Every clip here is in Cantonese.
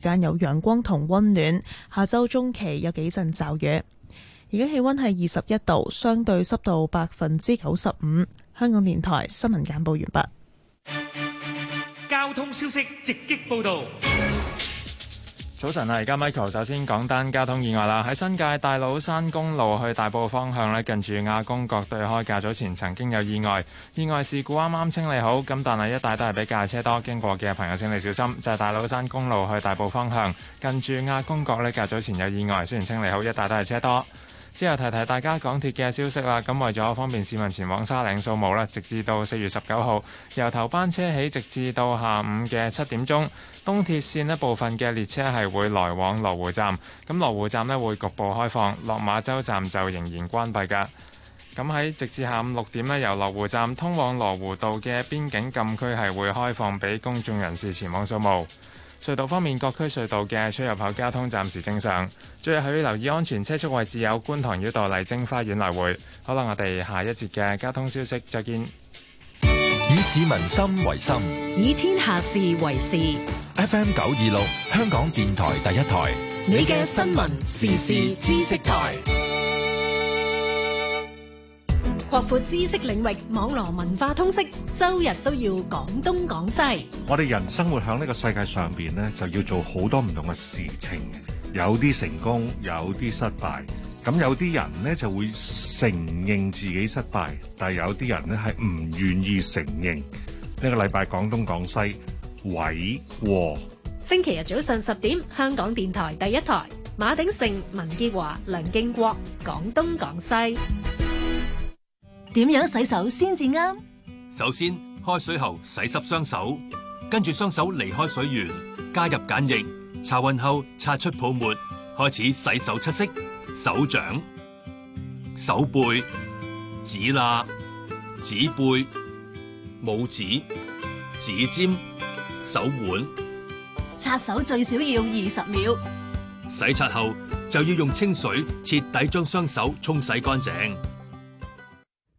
間有陽光同温暖，下周中期有幾陣驟雨。而家氣温係二十一度，相對濕度百分之九十五。香港電台新聞簡報完畢。交通消息直擊報道。早晨啊，而家 Michael 首先講單交通意外啦。喺新界大老山公路去大埔方向呢，近住亞公角對開，較早前曾經有意外。意外事故啱啱清理好，咁但係一帶都係比較車多，經過嘅朋友請你小心。就係、是、大老山公路去大埔方向，近住亞公角呢較早前有意外，雖然清理好，一帶都係車多。之後提提大家港鐵嘅消息啦。咁為咗方便市民前往沙嶺掃墓啦，直至到四月十九號，由頭班車起，直至到下午嘅七點鐘，東鐵線一部分嘅列車係會來往羅湖站。咁羅湖站呢會局部開放，落馬洲站就仍然關閉㗎。咁喺直至下午六點呢，由羅湖站通往羅湖道嘅邊境禁區係會開放俾公眾人士前往掃墓。隧道方面，各區隧道嘅出入口交通暫時正常。最後要留意安全車速位置有觀塘繞道、麗晶花園來回。好啦，我哋下一節嘅交通消息再見。以市民心為心，以天下事為事。FM 九二六，香港電台第一台，你嘅新聞時事知識台。擴闊知識領域，網羅文化通識，周日都要講東講西。我哋人生活響呢個世界上邊咧，就要做好多唔同嘅事情，有啲成功，有啲失敗。咁有啲人咧就會承認自己失敗，但係有啲人咧係唔願意承認。呢個禮拜講東講西，偉和星期日早上十點，香港電台第一台，馬鼎盛、文潔華、梁敬國講東講西。點樣洗手先至啱？首先，開水喉洗濕雙手，跟住雙手離開水源，加入鹼液，擦勻後擦出泡沫，開始洗手七式：手掌、手背、指罅、指背、拇指、指尖、手腕。擦手最少要二十秒。洗擦後就要用清水徹底將雙手沖洗乾淨。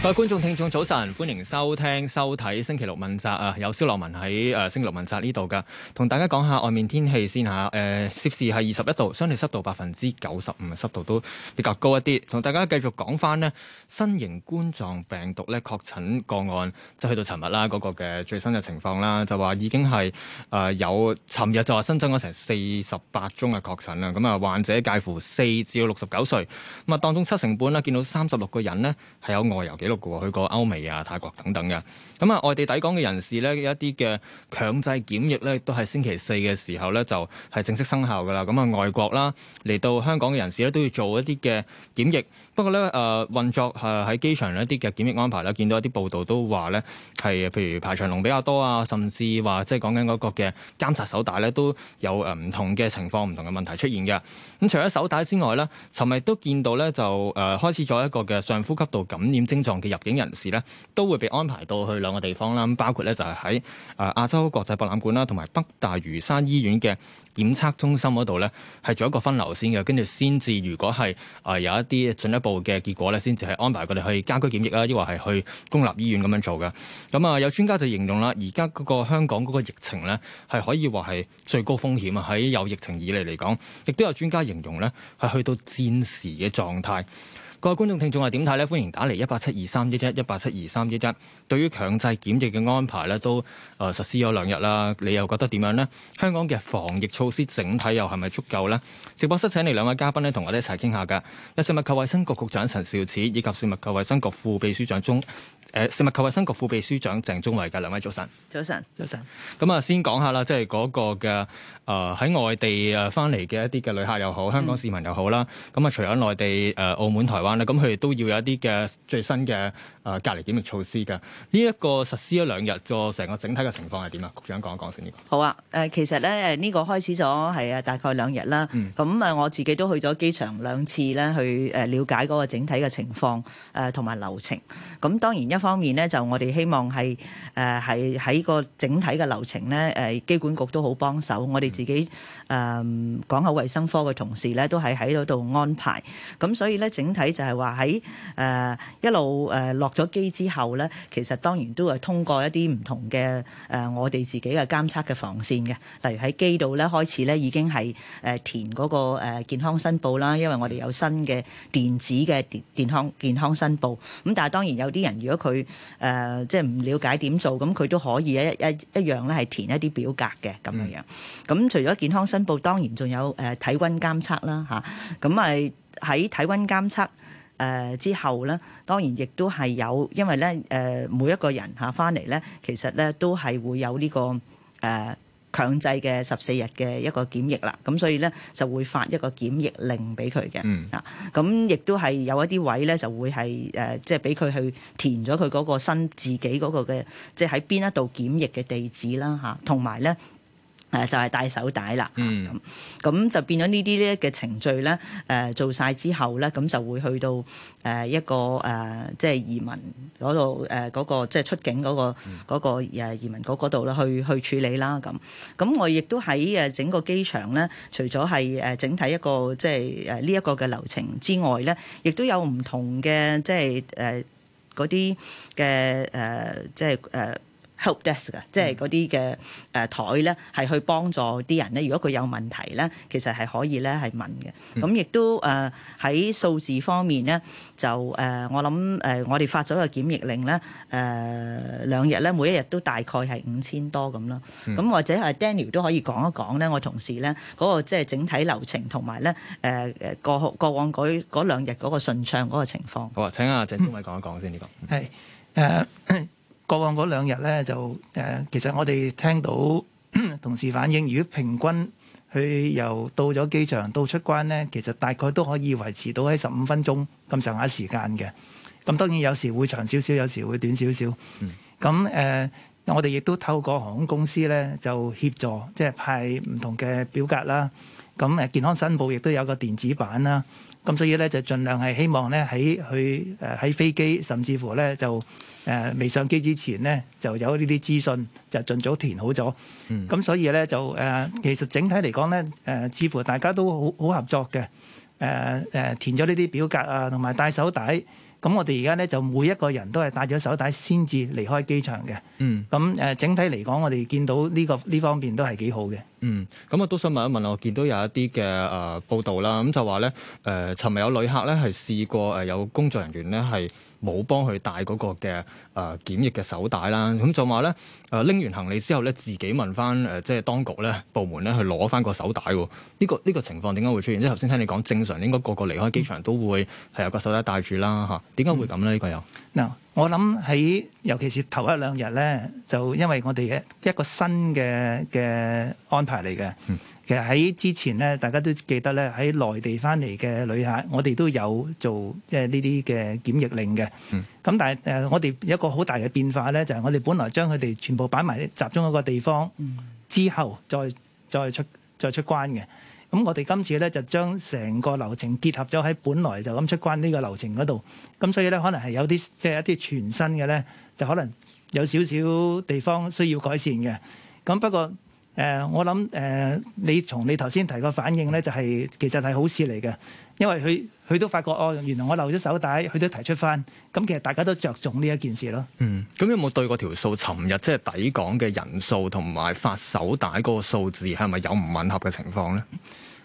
各位觀眾、聽眾早晨，歡迎收聽、收睇星期六問責啊！有蕭樂文喺誒、呃、星期六問責呢度噶，同大家講下外面天氣先吓。誒、呃，攝氏係二十一度，相對濕度百分之九十五，濕度都比較高一啲。同大家繼續講翻呢，新型冠狀病毒咧確診個案，即係去到尋日啦，嗰、那個嘅最新嘅情況啦，就話已經係誒有尋日就話新增咗成四十八宗嘅確診啦。咁啊，患者介乎四至六十九歲，咁啊當中七成半啦，見到三十六個人呢係有外遊嘅。去過歐美啊，泰國等等嘅。咁啊，外地抵港嘅人士咧，一啲嘅強制檢疫咧，都係星期四嘅時候咧，就係、是、正式生效㗎啦。咁啊，外國啦嚟到香港嘅人士咧，都要做一啲嘅檢疫。不過咧，誒、呃、運作誒喺機場呢一啲嘅檢疫安排啦，見到一啲報道，都話咧，係譬如排長龍比較多啊，甚至話即係講緊嗰個嘅監察手帶咧，都有誒唔同嘅情況，唔同嘅問題出現嘅。咁除咗手帶之外咧，尋日都見到咧，就誒、呃、開始咗一個嘅上呼吸道感染症狀嘅入境人士咧，都會被安排到去兩個地方啦，咁包括咧就係喺啊亞洲國際博覽館啦，同埋北大嶼山醫院嘅檢測中心嗰度咧，係做一個分流先嘅，跟住先至如果係啊有一啲進一步嘅結果咧，先至係安排佢哋去家居檢疫啦，亦或係去公立醫院咁樣做嘅。咁啊，有專家就形容啦，而家嗰個香港嗰個疫情咧，係可以話係最高風險啊！喺有疫情以嚟嚟講，亦都有專家形容咧，係去到戰時嘅狀態。各位觀眾聽眾係點睇呢？歡迎打嚟一八七二三一一一八七二三一一。對於強制檢疫嘅安排咧，都誒實施咗兩日啦。你又覺得點樣呢？香港嘅防疫措施整體又係咪足夠呢？直播室請嚟兩位嘉賓呢，同我哋一齊傾下嘅。有食物及衞生局，局局長陳肇始，以及食物及衞生局副秘書長鐘誒、呃、食物及衞生局副秘書長鄭中維嘅兩位早晨，早晨，早晨。咁啊，先講下啦，即係嗰個嘅誒喺外地誒翻嚟嘅一啲嘅旅客又好，香港市民又好啦。咁、嗯、啊，除咗內地誒、澳門、台灣。咁佢哋都要有一啲嘅最新嘅誒隔離檢疫措施嘅。呢一個實施咗兩日，咁成個整體嘅情況係點啊？局長講一講先呢個。好啊，誒其實咧誒呢個開始咗係啊大概兩日啦。咁啊我自己都去咗機場兩次咧，去誒瞭解嗰個整體嘅情況誒同埋流程。咁當然一方面咧就我哋希望係誒係喺個整體嘅流程咧誒機管局都好幫手，我哋自己誒港口衞生科嘅同事咧都係喺嗰度安排。咁所以咧整體。就係話喺誒一路誒落咗機之後咧，其實當然都係通過一啲唔同嘅誒、呃、我哋自己嘅監測嘅防線嘅，例如喺機度咧開始咧已經係誒填嗰個健康申報啦，因為我哋有新嘅電子嘅健康健康申報。咁但係當然有啲人如果佢誒、呃、即係唔了解點做，咁佢都可以一一一樣咧係填一啲表格嘅咁樣樣。咁、嗯、除咗健康申報，當然仲有誒體温監測啦嚇。咁係喺體温監測。啊誒、呃、之後咧，當然亦都係有，因為咧、呃、每一個人嚇翻嚟咧，其實咧都係會有呢、呢個誒、呃、強制嘅十四日嘅一個檢疫啦。咁所以咧就會發一個檢疫令俾佢嘅。嗯咁亦、啊、都係有一啲位咧就會係即係俾佢去填咗佢嗰個新自己嗰個嘅，即係喺邊一度檢疫嘅地址啦，同埋咧。啊就係、是、戴手帶啦，咁、嗯、咁就變咗呢啲嘅程序咧、呃，做晒之後咧，咁就會去到一個、呃、即移民嗰度嗰個即係出境嗰、嗰個嗰個移民嗰度去去處理啦，咁咁我亦都喺整個機場咧，除咗係整體一個即係呢一個嘅流程之外咧，亦都有唔同嘅即係嗰啲嘅即 Helpdesk 嘅，即係嗰啲嘅誒台咧，係去幫助啲人咧。如果佢有問題咧，其實係可以咧係問嘅。咁、嗯、亦都誒喺、呃、數字方面咧，就誒、呃、我諗誒、呃、我哋發咗個檢疫令咧，誒、呃、兩日咧，每一日都大概係五千多咁咯。咁、嗯、或者係 Daniel 都可以講一講咧，我同事咧嗰個即係整體流程同埋咧誒誒過過往嗰兩日嗰個順暢嗰個情況。好啊，請阿鄭鍾偉講一講先呢個。係誒。Uh, 過往嗰兩日咧，就誒，其實我哋聽到同事反映，如果平均佢由到咗機場到出關咧，其實大概都可以維持到喺十五分鐘咁上下時間嘅。咁當然有時會長少少，有時會短少少。咁、嗯、誒，我哋亦都透過航空公司咧，就協助即係派唔同嘅表格啦。咁誒，健康申報亦都有個電子版啦。咁所以咧就儘量係希望咧喺去誒喺、呃、飛機，甚至乎咧就誒未、呃、上機之前咧就有呢啲資訊，就儘早填好咗。咁、嗯、所以咧就誒、呃，其實整體嚟講咧誒，似乎大家都好好合作嘅。誒、呃、誒，填咗呢啲表格啊，同埋帶手帶。咁我哋而家呢，就每一個人都係帶咗手帶先至離開機場嘅。嗯。咁、呃、整體嚟講，我哋見到呢、呢個呢方面都係幾好嘅。嗯。咁我都想問一問我見到有一啲嘅誒報道啦，咁就話呢，誒、呃，尋日有旅客呢係試過有工作人員呢係。冇幫佢帶嗰個嘅誒檢疫嘅手帶啦，咁就話咧誒拎完行李之後咧，自己問翻誒即係當局咧部門咧去攞翻個手帶喎。呢個呢個情況點解會出現？即係頭先聽你講，正常應該個個離開機場都會係有個手帶帶住啦嚇。點解會咁咧？呢個又嗱，我諗喺尤其是頭一兩日咧，就因為我哋嘅一個新嘅嘅安排嚟嘅。嗯其實喺之前咧，大家都記得咧，喺內地翻嚟嘅旅客，我哋都有做即係呢啲嘅檢疫令嘅。咁、嗯、但係我哋有一個好大嘅變化咧，就係、是、我哋本來將佢哋全部擺埋集中一個地方，之後再再出再出關嘅。咁我哋今次咧就將成個流程結合咗喺本來就咁出關呢個流程嗰度。咁所以咧，可能係有啲即係一啲全新嘅咧，就可能有少少地方需要改善嘅。咁不過，誒、呃，我諗誒、呃，你從你頭先提個反應咧，就係、是、其實係好事嚟嘅，因為佢佢都發覺哦，原來我漏咗手帶，佢都提出翻，咁其實大家都着重呢一件事咯。嗯，咁、嗯嗯、有冇對過條數？尋日即係抵港嘅人數同埋發手帶嗰個數字，係咪有唔吻合嘅情況咧？誒、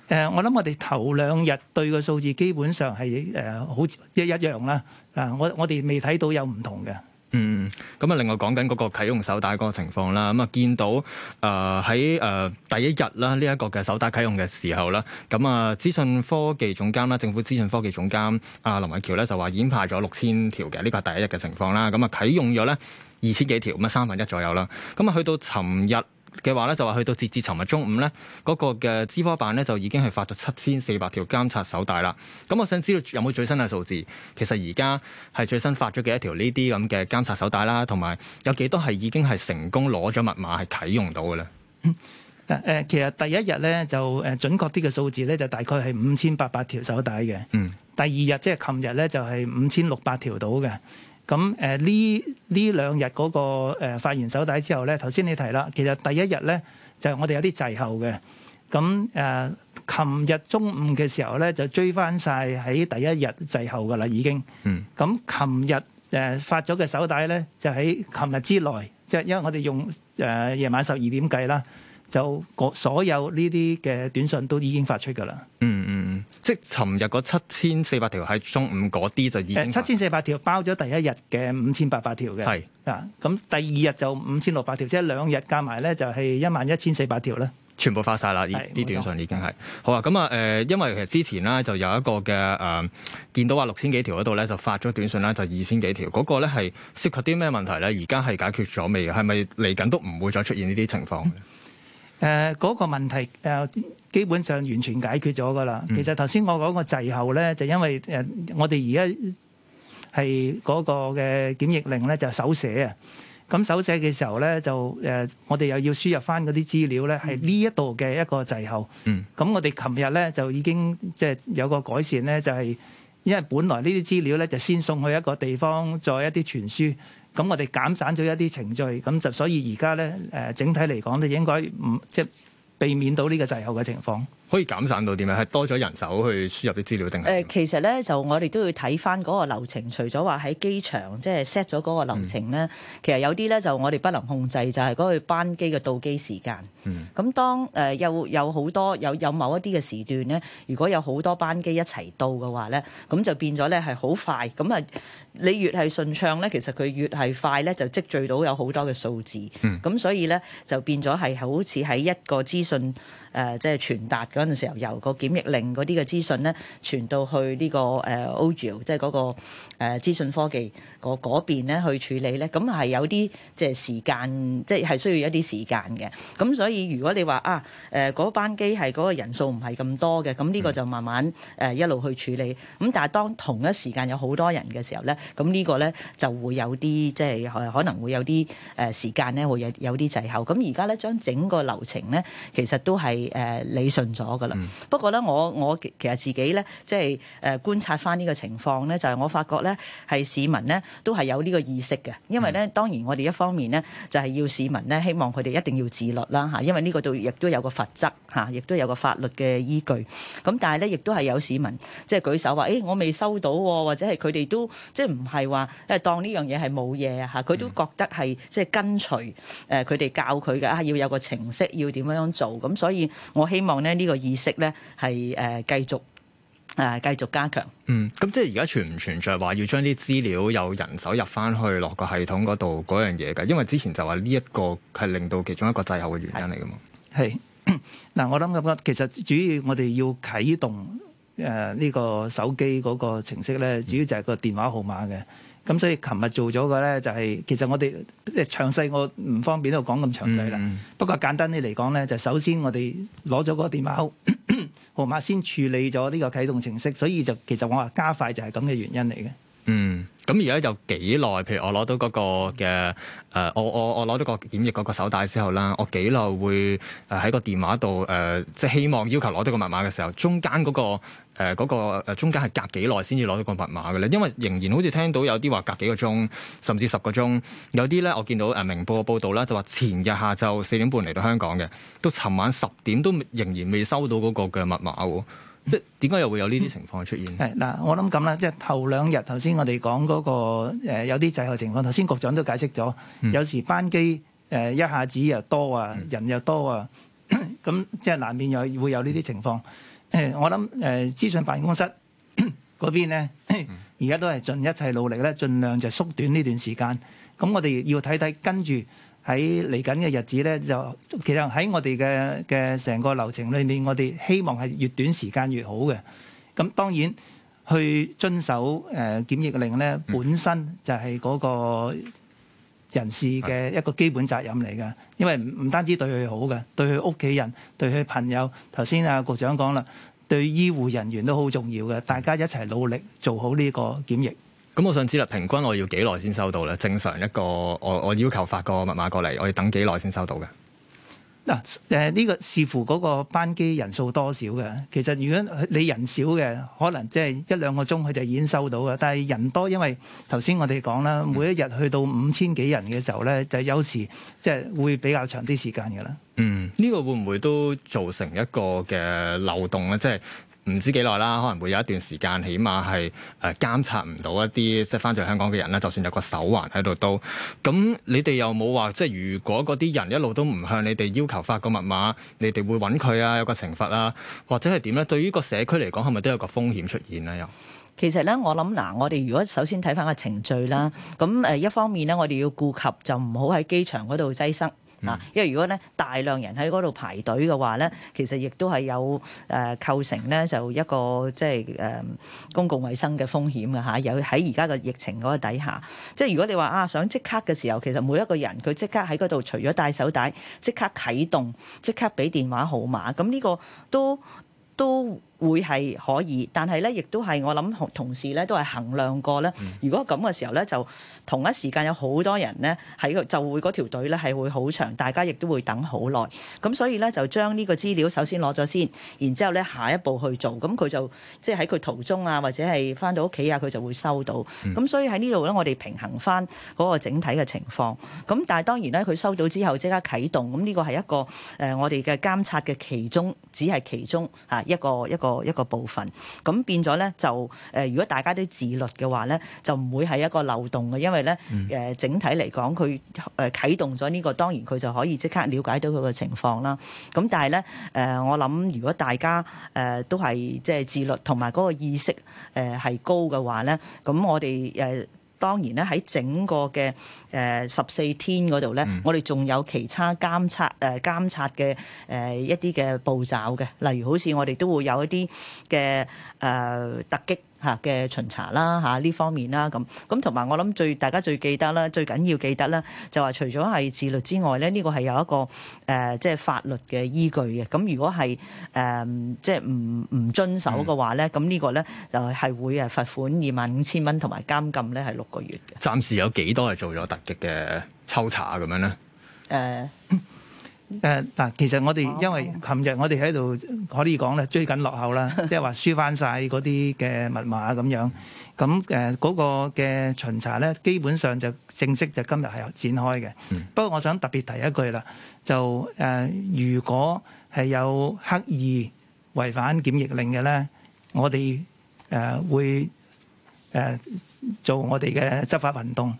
呃，我諗我哋頭兩日對個數字基本上係誒、呃、好一一樣啦。啊，我我哋未睇到有唔同嘅。嗯，咁啊，另外講緊嗰個啟用手帶嗰個情況啦，咁啊，見到誒喺誒第一日啦，呢一個嘅手帶啟用嘅時候啦，咁啊，資訊科技總監啦，政府資訊科技總監啊林偉喬咧就話已經派咗六千條嘅，呢個係第一日嘅情況啦，咁啊，啟用咗咧二千幾條，咁啊三分一左右啦，咁啊去到尋日。嘅話咧，就話去到截至尋日中午咧，嗰個嘅資科辦咧就已經係發咗七千四百條監察手帶啦。咁我想知道有冇最新嘅數字？其實而家係最新發咗嘅一條呢啲咁嘅監察手帶啦，同埋有幾多係已經係成功攞咗密碼係啟用到嘅咧？誒誒，其實第一日咧就誒準確啲嘅數字咧就大概係五千八百條手帶嘅。嗯，第二日即係琴日咧就係五千六百條到嘅。咁誒呢呢兩日嗰個誒發完手帶之後咧，頭先你提啦，其實第一日咧就係我哋有啲滯後嘅，咁誒，琴、呃、日中午嘅時候咧就追翻晒喺第一日滯後噶啦已經，咁琴日誒發咗嘅手帶咧就喺琴日之內，即係因為我哋用誒夜、呃、晚十二點計啦。就所有呢啲嘅短信都已經發出㗎啦。嗯嗯，即係尋日嗰七千四百條喺中午嗰啲就已經誒七千四百條包咗第一日嘅五千八百條嘅係啊，咁第二日就五千六百條，即係兩日加埋咧就係一萬一千四百條啦。全部發晒啦，啲短信已經係好啊。咁啊，誒、呃，因為其實之前咧就有一個嘅誒、呃，見到話六千幾條嗰度咧就發咗短信啦，就二千幾條嗰、嗰個咧係涉及啲咩問題咧？而家係解決咗未嘅？係咪嚟緊都唔會再出現呢啲情況？ 誒、呃、嗰、那個問題、呃、基本上完全解決咗㗎啦。其實頭先我講個滯後咧，就因為誒、呃、我哋而家係嗰個嘅檢疫令咧就手寫啊。咁手寫嘅時候咧就誒、呃、我哋又要輸入返嗰啲資料咧，係呢一度嘅一個滯後。嗯。咁我哋琴日咧就已經即係、就是、有個改善咧，就係、是、因為本來這些資呢啲資料咧就先送去一個地方再一啲傳輸。咁我哋減省咗一啲程序，咁就所以而家咧誒，整體嚟講咧應該唔即係避免到呢個滯後嘅情況。可以減散到點咧？係多咗人手去輸入啲資料定係？誒，其實咧就我哋都要睇翻嗰個流程。除咗話喺機場即係 set 咗嗰個流程咧，嗯，其實有啲咧就我哋不能控制，就係、是、嗰個班機嘅到機時間。嗯。咁當誒又有好多有有某一啲嘅時段咧，如果有好多班機一齊到嘅話咧，咁就變咗咧係好快。咁啊，你越係順暢咧，其實佢越係快咧，就積聚到有好多嘅數字。嗯。咁所以咧就變咗係好似喺一個資訊誒、呃、即係傳達嗰嗰陣時候，由個檢疫令啲嘅資訊咧，傳到去呢、這個誒 OJ，即係嗰個誒、uh, 資訊科技個嗰邊咧去處理咧，咁係有啲即係時間即係係需要一啲時間嘅。咁所以如果你話啊誒班機係個人數唔係咁多嘅，咁呢個就慢慢誒、uh, 一路去處理。咁但係當同一時間有好多人嘅時候咧，咁呢個咧就會有啲即係可能會有啲誒時間咧會有有啲滯後，咁而家咧將整個流程咧，其實都係誒理順咗。Uh, 我噶啦，不過咧，我我其實自己咧，即係誒觀察返呢個情況咧，就係我發覺咧，係市民咧都係有呢個意識嘅，因為咧，當然我哋一方面咧，就係要市民咧，希望佢哋一定要自律啦嚇，因為呢個度亦都有個罰則嚇，亦都有個法律嘅依據。咁但係咧，亦都係有市民即係舉手話，誒、哎，我未收到，或者係佢哋都即係唔係話當呢樣嘢係冇嘢啊嚇？佢都覺得係即係跟隨誒佢哋教佢嘅啊，要有個程式要點樣樣做。咁所以我希望咧、這、呢個。個意識咧係誒繼續誒繼、呃、續加強。嗯，咁即係而家存唔存在話要將啲資料有人手入翻去落個系統嗰度嗰樣嘢嘅？因為之前就話呢一個係令到其中一個滯後嘅原因嚟噶嘛。係嗱，我諗咁講，其實主要我哋要啟動誒呢、呃這個手機嗰個程式咧，主要就係個電話號碼嘅。咁所以琴日做咗嘅咧就係、是，其實我哋即係詳細我唔方便喺度講咁詳細啦、嗯。不過簡單啲嚟講咧，就首先我哋攞咗個電話號碼 先處理咗呢個啟動程式，所以就其實我話加快就係咁嘅原因嚟嘅。嗯，咁而家有幾耐？譬如我攞到嗰個嘅，誒，我我我攞到嗰個檢疫嗰個手帶之後啦，我幾耐會誒喺個電話度誒，即係希望要求攞到嗰個密碼嘅時候，中間嗰個誒嗰個誒中間係隔幾耐先至攞到嗰個密碼嘅咧？因為仍然好似聽到有啲話隔幾個鐘，甚至十個鐘，有啲咧我見到誒明報嘅報道啦，就話前日下晝四點半嚟到香港嘅，都尋晚十點都仍然未收到嗰個嘅密碼喎。即點解又會有呢啲情況出現？係嗱，我諗咁啦，即係頭兩日頭先，我哋講嗰個、呃、有啲滯後情況。頭先局長都解釋咗，有時班機誒一下子又多啊，人又多啊，咁、嗯、 即係難免又會有呢啲情況。嗯、我諗誒、呃、資訊辦公室嗰 邊咧，而家都係盡一切努力咧，盡量就縮短呢段時間。咁我哋要睇睇跟住。喺嚟緊嘅日子咧，就其實喺我哋嘅嘅成個流程裏面，我哋希望係越短時間越好嘅。咁當然去遵守誒、呃、檢疫令咧，本身就係嗰個人士嘅一個基本責任嚟嘅。因為唔唔單止對佢好嘅，對佢屋企人、對佢朋友。頭先啊局長講啦，對醫護人員都好重要嘅。大家一齊努力做好呢個檢疫。咁我想知啦，平均我要幾耐先收到咧？正常一個我我要求發個密碼過嚟，我要等幾耐先收到嘅？嗱，誒呢個視乎嗰個班機人數多少嘅。其實如果你人少嘅，可能即係一兩個鐘佢就已經收到嘅。但係人多，因為頭先我哋講啦，每一日去到五千幾人嘅時候咧，就有時即係會比較長啲時間嘅啦。嗯，呢、呢個會唔會都造成一個嘅漏洞咧？即係。唔知幾耐啦，可能會有一段時間，起碼係誒監察唔到一啲即係返咗香港嘅人啦。就算有個手環喺度都。咁你哋又冇話即係如果嗰啲人一路都唔向你哋要求發個密碼，你哋會揾佢啊？有個懲罰啊？或者係點咧？對於個社區嚟講，係咪都有個風險出現咧？又其實咧，我諗嗱，我哋如果首先睇翻個程序啦，咁誒一方面咧，我哋要顧及就唔好喺機場嗰度擠塞。啊，因為如果咧大量人喺嗰度排隊嘅話咧，其實亦都係有誒構成咧就一個即係誒公共衞生嘅風險嘅嚇，有喺而家嘅疫情嗰個底下，即係如果你話啊想即刻嘅時候，其實每一個人佢即刻喺嗰度除咗戴手帶，即刻啟動，即刻俾電話號碼，咁呢個都都。會係可以，但係咧，亦都係我諗同同事咧都係衡量過咧。如果咁嘅時候咧，就同一時間有好多人咧喺個就會嗰條隊咧係會好長，大家亦都會等好耐。咁所以咧就將呢個資料首先攞咗先，然之後咧下一步去做。咁佢就即係喺佢途中啊，或者係返到屋企啊，佢就會收到。咁、mm. 所以喺呢度咧，我哋平衡返嗰個整體嘅情況。咁但係當然咧，佢收到之後即刻啟動。咁呢個係一個誒，我哋嘅監察嘅其中只係其中啊一個一個，呃一個部分，咁變咗呢，就誒、呃，如果大家都自律嘅話呢，就唔會係一個漏洞嘅，因為呢，誒、嗯呃、整體嚟講，佢誒啟動咗呢、這個，當然佢就可以即刻了解到佢嘅情況啦。咁但係呢，誒、呃，我諗如果大家誒、呃、都係即係自律，同埋嗰個意識誒係、呃、高嘅話呢，咁我哋誒。呃當然咧，喺整個嘅誒十四天嗰度咧，我哋仲有其他監察誒、呃、監察嘅誒、呃、一啲嘅步驟嘅，例如好似我哋都會有一啲嘅誒突擊嚇嘅巡查啦嚇呢方面啦咁咁同埋我諗最大家最記得啦最緊要記得啦，就話除咗係自律之外咧呢、呢個係有一個誒、呃、即係法律嘅依據嘅咁如果係誒、呃、即係唔唔遵守嘅話咧咁呢個咧就係會誒罰款二萬五千蚊同埋監禁咧係六個月嘅。暫時有幾多係做咗突擊嘅抽查咁樣咧？誒、呃。 誒嗱，其實我哋因為琴日我哋喺度可以講咧，追緊落後啦，即係話輸翻曬嗰啲嘅密碼咁樣。咁誒嗰個嘅巡查咧，基本上就正式就今日係展開嘅。不過我想特別提一句啦，就誒如果係有刻意違反檢疫令嘅咧，我哋誒會誒做我哋嘅執法行動。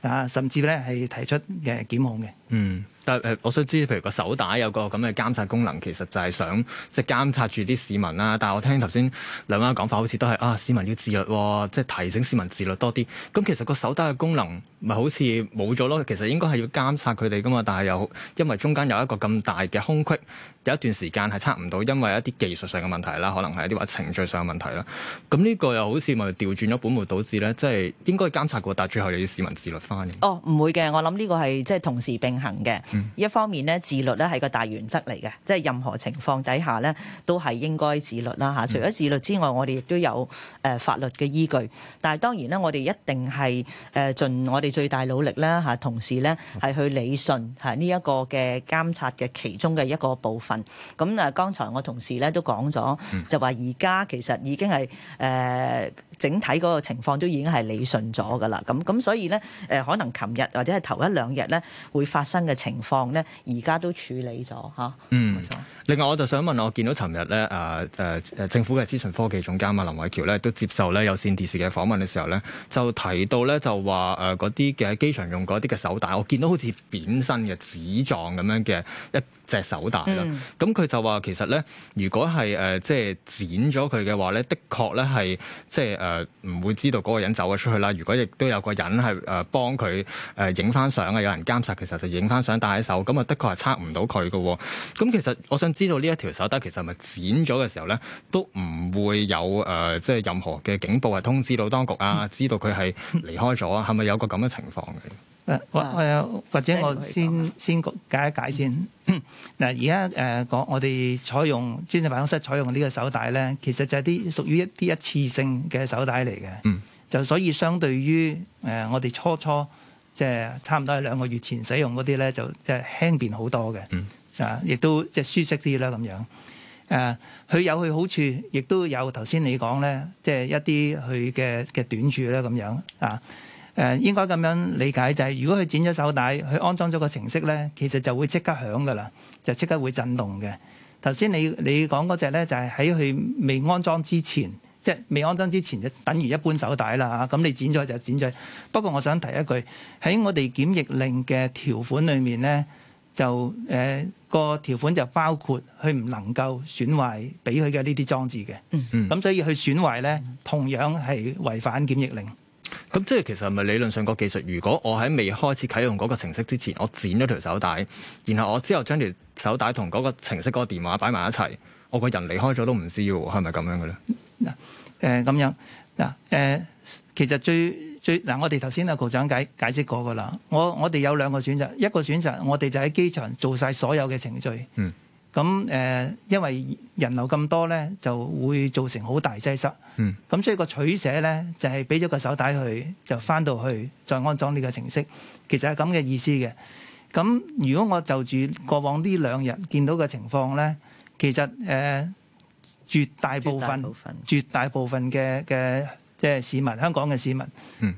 啊，甚至咧係提出嘅檢控嘅。嗯，但係我想知，譬如手帶個手帶有個咁嘅監察功能，其實就係想即係監察住啲市民啦。但我聽頭先兩位講法好，好似都係啊，市民要自律，即係提醒市民自律多啲。咁其實個手帶嘅功能咪好似冇咗咯？其實應該係要監察佢哋噶嘛。但係又因為中間有一個咁大嘅空隙，有一段時間係測唔到，因為一啲技術上嘅問題啦，可能係一啲話程序上嘅問題啦。咁呢個又好似咪調轉咗本末，導致咧即係應該監察過，但係最後又要市民自律。哦，唔會嘅，我諗呢個係即係同時並行嘅。Mm. 一方面呢，自律咧係個大原則嚟嘅，即係任何情況底下呢都係應該自律啦嚇。除咗自律之外，我哋亦都有、呃、法律嘅依據。但係當然呢，我哋一定係、呃、盡我哋最大努力啦、啊、同時呢，係去理順嚇呢一個嘅監察嘅其中嘅一個部分。咁啊，剛、呃、才我同事呢都講咗，就話而家其實已經係誒。呃整體嗰個情況都已經係理順咗㗎啦。咁咁，所以咧誒，可能琴日或者係頭一兩日咧會發生嘅情況咧，而家都處理咗嚇。嗯，冇錯。另外我，我就想問我見到昨，尋日咧誒誒誒，政府嘅資訊科技總監啊林偉喬咧都接受咧有線電視嘅訪問嘅時候咧，就提到咧就話誒嗰啲嘅機場用嗰啲嘅手帶，我見到好似扁身嘅紙狀咁樣嘅一隻手帶啦，咁佢就話其實咧，如果係即係剪咗佢嘅話咧，的確咧係即係誒唔會知道嗰個人走咗出去啦。如果亦都有個人係誒、呃、幫佢誒影翻相啊，有人監察其實就影翻相戴喺手，咁啊的確係測唔到佢嘅。咁其實我想知道呢一條手帶其實係咪剪咗嘅時候咧，都唔會有誒即係任何嘅警報係通知到當局啊，知道佢係離開咗啊？係咪有個咁嘅情況嘅？ 或或者我先先解一解先嗱，而家誒講我哋採用專上辦公室採用呢個手帶咧，其實就係啲屬於一啲一次性嘅手帶嚟嘅，嗯，就所以相對於誒、呃、我哋初初即係、就是、差唔多係兩個月前使用嗰啲咧，就即係輕便好多嘅，啊、嗯，亦都即係、就是、舒適啲啦咁樣。誒、呃，佢有佢好處，亦都有頭先你講咧，即、就、係、是、一啲佢嘅嘅短處咧咁樣啊。誒應該咁樣理解就係，如果佢剪咗手帶，佢安裝咗個程式咧，其實就會即刻響噶啦，就即刻會震動嘅。頭先你你講嗰隻咧，就係喺佢未安裝之前，即係未安裝之前就等於一般手帶啦嚇。咁你剪咗就剪咗。不過我想提一句，喺我哋檢疫令嘅條款裏面咧，就誒個條款就包括佢唔能夠損壞俾佢嘅呢啲裝置嘅。嗯。咁所以佢損壞咧，同樣係違反檢疫令。咁即係其實係咪理論上個技術？如果我喺未開始啟用嗰個程式之前，我剪咗條手帶，然後我之後將條手帶同嗰個程式嗰個電話擺埋一齊，我個人離開咗都唔知，係咪咁樣嘅咧？嗱，誒，咁樣，嗱、呃，誒、呃，其實最最嗱、呃，我哋頭先阿局長解解釋過噶啦，我我哋有兩個選擇，一個選擇我哋就喺機場做晒所有嘅程序。嗯咁誒、呃，因為人流咁多咧，就會造成好大擠塞。嗯，咁所以個取捨咧，就係俾咗個手帶佢，就翻到去再安裝呢個程式，其實係咁嘅意思嘅。咁如果我就住過往呢兩日見到嘅情況咧，其實誒、呃、絕大部分絕大部分嘅嘅。即係市民，香港嘅市民，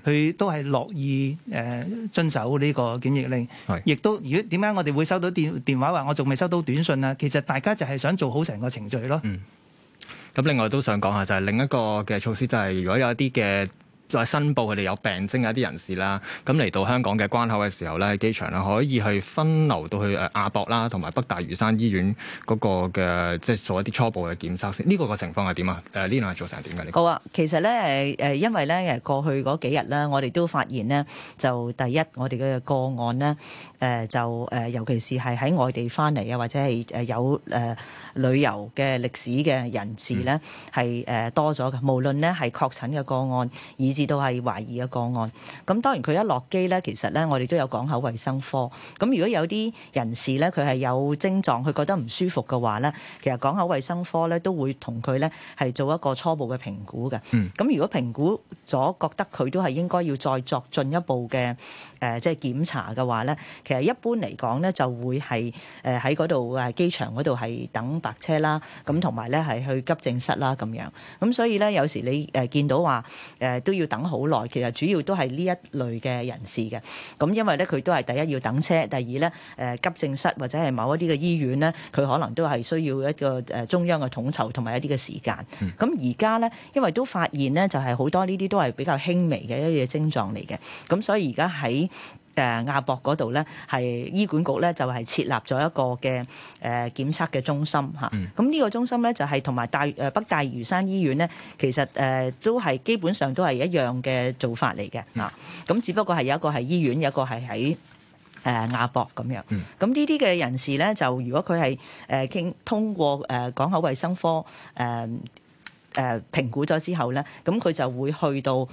佢、嗯、都係樂意、呃、遵守呢個檢疫令，亦都如果點解我哋會收到電電話話我仲未收到短信啊？其實大家就係想做好成個程序咯。咁、嗯、另外都想講下就係、是、另一個嘅措施，就係如果有一啲嘅。再申報佢哋有病徵嘅一啲人士啦，咁嚟到香港嘅關口嘅時候咧，機場咧可以去分流到去誒亞博啦，同埋北大嶼山醫院嗰個嘅即係做一啲初步嘅檢測先。呢個嘅情況係點啊？誒呢兩日做成點㗎？好啊，其實咧誒誒，因為咧誒過去嗰幾日咧，我哋都發現咧，就第一我哋嘅個案咧。誒、呃、就誒、呃，尤其是係喺外地翻嚟啊，或者係誒有誒、呃、旅遊嘅歷史嘅人士咧，係誒、呃、多咗嘅。無論咧係確診嘅個案，以至到係懷疑嘅個案。咁當然佢一落機咧，其實咧我哋都有港口衞生科。咁如果有啲人士咧，佢係有症狀，佢覺得唔舒服嘅話咧，其實港口衞生科咧都會同佢咧係做一個初步嘅評估嘅。咁、嗯、如果評估咗覺得佢都係應該要再作進一步嘅誒、呃、即係檢查嘅話咧。其實一般嚟講咧，就會係誒喺嗰度誒機場嗰度係等白車啦，咁同埋咧係去急症室啦咁樣。咁所以咧，有時你誒見到話誒都要等好耐，其實主要都係呢一類嘅人士嘅。咁因為咧，佢都係第一要等車，第二咧誒急症室或者係某一啲嘅醫院咧，佢可能都係需要一個誒中央嘅統籌同埋一啲嘅時間。咁而家咧，因為都發現咧，就係好多呢啲都係比較輕微嘅一啲嘅症狀嚟嘅。咁所以而家喺誒亞博嗰度咧，係醫管局咧就係設立咗一個嘅誒、呃、檢測嘅中心嚇。咁、嗯、呢個中心咧就係同埋大誒、呃、北大嶼山醫院咧，其實誒、呃、都係基本上都係一樣嘅做法嚟嘅嗱。咁、嗯、只不過係有一個係醫院，有一個係喺誒亞博咁樣。咁呢啲嘅人士咧，就如果佢係誒經通過誒、呃、港口衞生科誒。呃誒評估咗之後咧，咁佢就會去到誒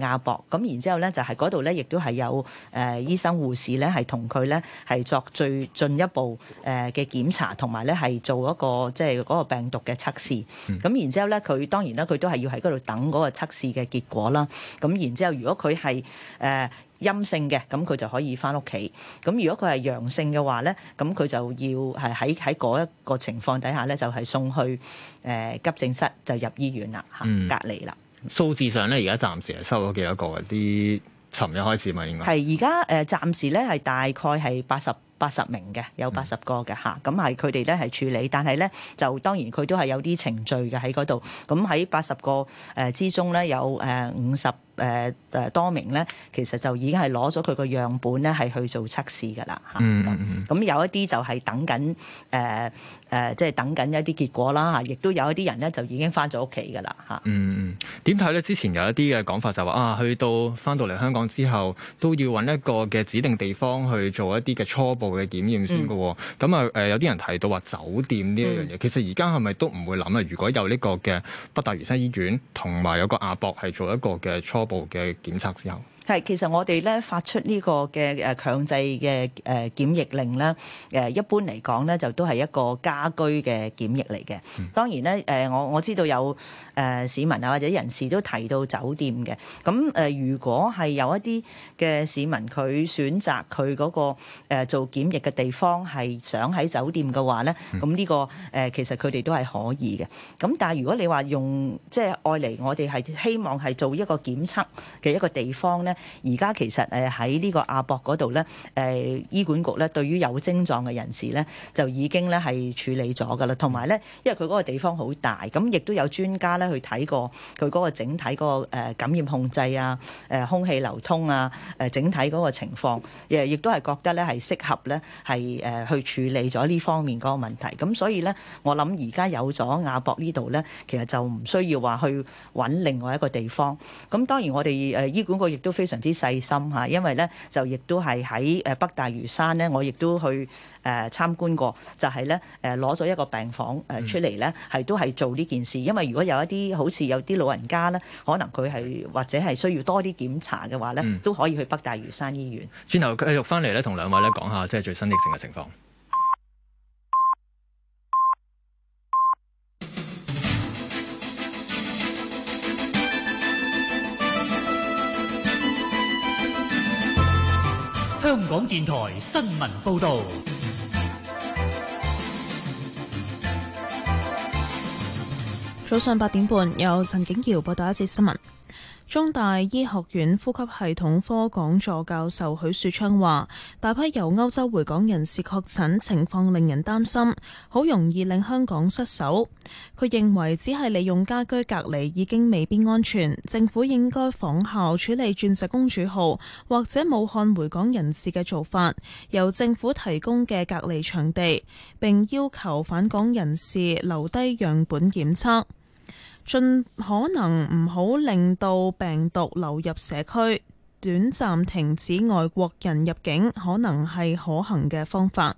亞博，咁然之後咧就係嗰度咧，亦都係有誒醫生護士咧，係同佢咧係作最進一步誒嘅檢查，同埋咧係做一個即係嗰個病毒嘅測試。咁、嗯、然之後咧，佢當然啦，佢都係要喺嗰度等嗰個測試嘅結果啦。咁然之後，如果佢係誒。呃陰性嘅，咁佢就可以返屋企。咁如果佢係陽性嘅話咧，咁佢就要係喺喺嗰一個情況底下咧，就係送去誒、呃、急症室，就入醫院啦，嚇、嗯、隔離啦。數字上咧，而家暫時係收咗幾多個？啲尋日開始嘛，應該係，而家誒暫時咧係大概係八十。八十名嘅有八十個嘅吓，咁係佢哋咧，係處理，但係咧就當然佢都係有啲程序嘅喺嗰度。咁喺八十個誒之中咧，有誒五十誒誒多名咧，其實就已經係攞咗佢個樣本咧，係去做測試噶啦吓，嗯嗯，咁有一啲就係等緊誒誒即係等緊一啲結果啦吓，亦都有一啲人咧就已經翻咗屋企噶啦吓。嗯，點睇咧？之前有一啲嘅講法就話、是、啊，去到翻到嚟香港之後，都要揾一個嘅指定地方去做一啲嘅初步。嘅檢驗先嘅，咁啊誒有啲人提到話酒店呢一樣嘢，其實而家係咪都唔會諗啊？如果有呢個嘅北大嶼山醫院同埋有個亞博係做一個嘅初步嘅檢測之後。係其實我哋咧發出呢個嘅誒強制嘅誒檢疫令咧，誒一般嚟講咧就都係一個家居嘅檢疫嚟嘅。當然咧，誒我我知道有誒市民啊或者人士都提到酒店嘅。咁誒如果係有一啲嘅市民佢選擇佢嗰個做檢疫嘅地方係想喺酒店嘅話咧，咁呢個誒其實佢哋都係可以嘅。咁但係如果你話用即係愛嚟，就是，我哋係希望係做一個檢測嘅一個地方咧。而家其實誒喺呢個亞博嗰度呢，誒醫管局呢對於有症狀嘅人士呢，就已經呢係處理咗噶啦。同埋呢，因為佢嗰個地方好大，咁亦都有專家呢去睇過佢嗰個整體嗰個感染控制啊、誒空氣流通啊、誒整體嗰個情況，亦都係覺得呢係適合呢係誒去處理咗呢方面嗰個問題。咁所以呢，我諗而家有咗亞博呢度呢，其實就唔需要話去揾另外一個地方。咁當然我哋誒醫管局亦都非。非常之細心吓，因為咧就亦都係喺誒北大嶼山咧，我亦都去誒、呃、參觀過，就係咧誒攞咗一個病房誒出嚟咧，係、嗯、都係做呢件事。因為如果有一啲好似有啲老人家咧，可能佢係或者係需要多啲檢查嘅話咧，都可以去北大嶼山醫院。轉、嗯、頭繼續翻嚟咧，同兩位咧講下即係最新疫情嘅情況。香港電台新聞報道。早上八點半，由陳景瑤報道一節新聞。中大醫學院呼吸系統科講座教授許樹昌話：大批由歐洲回港人士確診，情況令人擔心，好容易令香港失守。佢認為，只係利用家居隔離已經未必安全，政府應該仿效處理鑽石公主號或者武漢回港人士嘅做法，由政府提供嘅隔離場地，並要求返港人士留低樣本檢測。盡可能唔好令到病毒流入社區，短暫停止外國人入境，可能係可行嘅方法。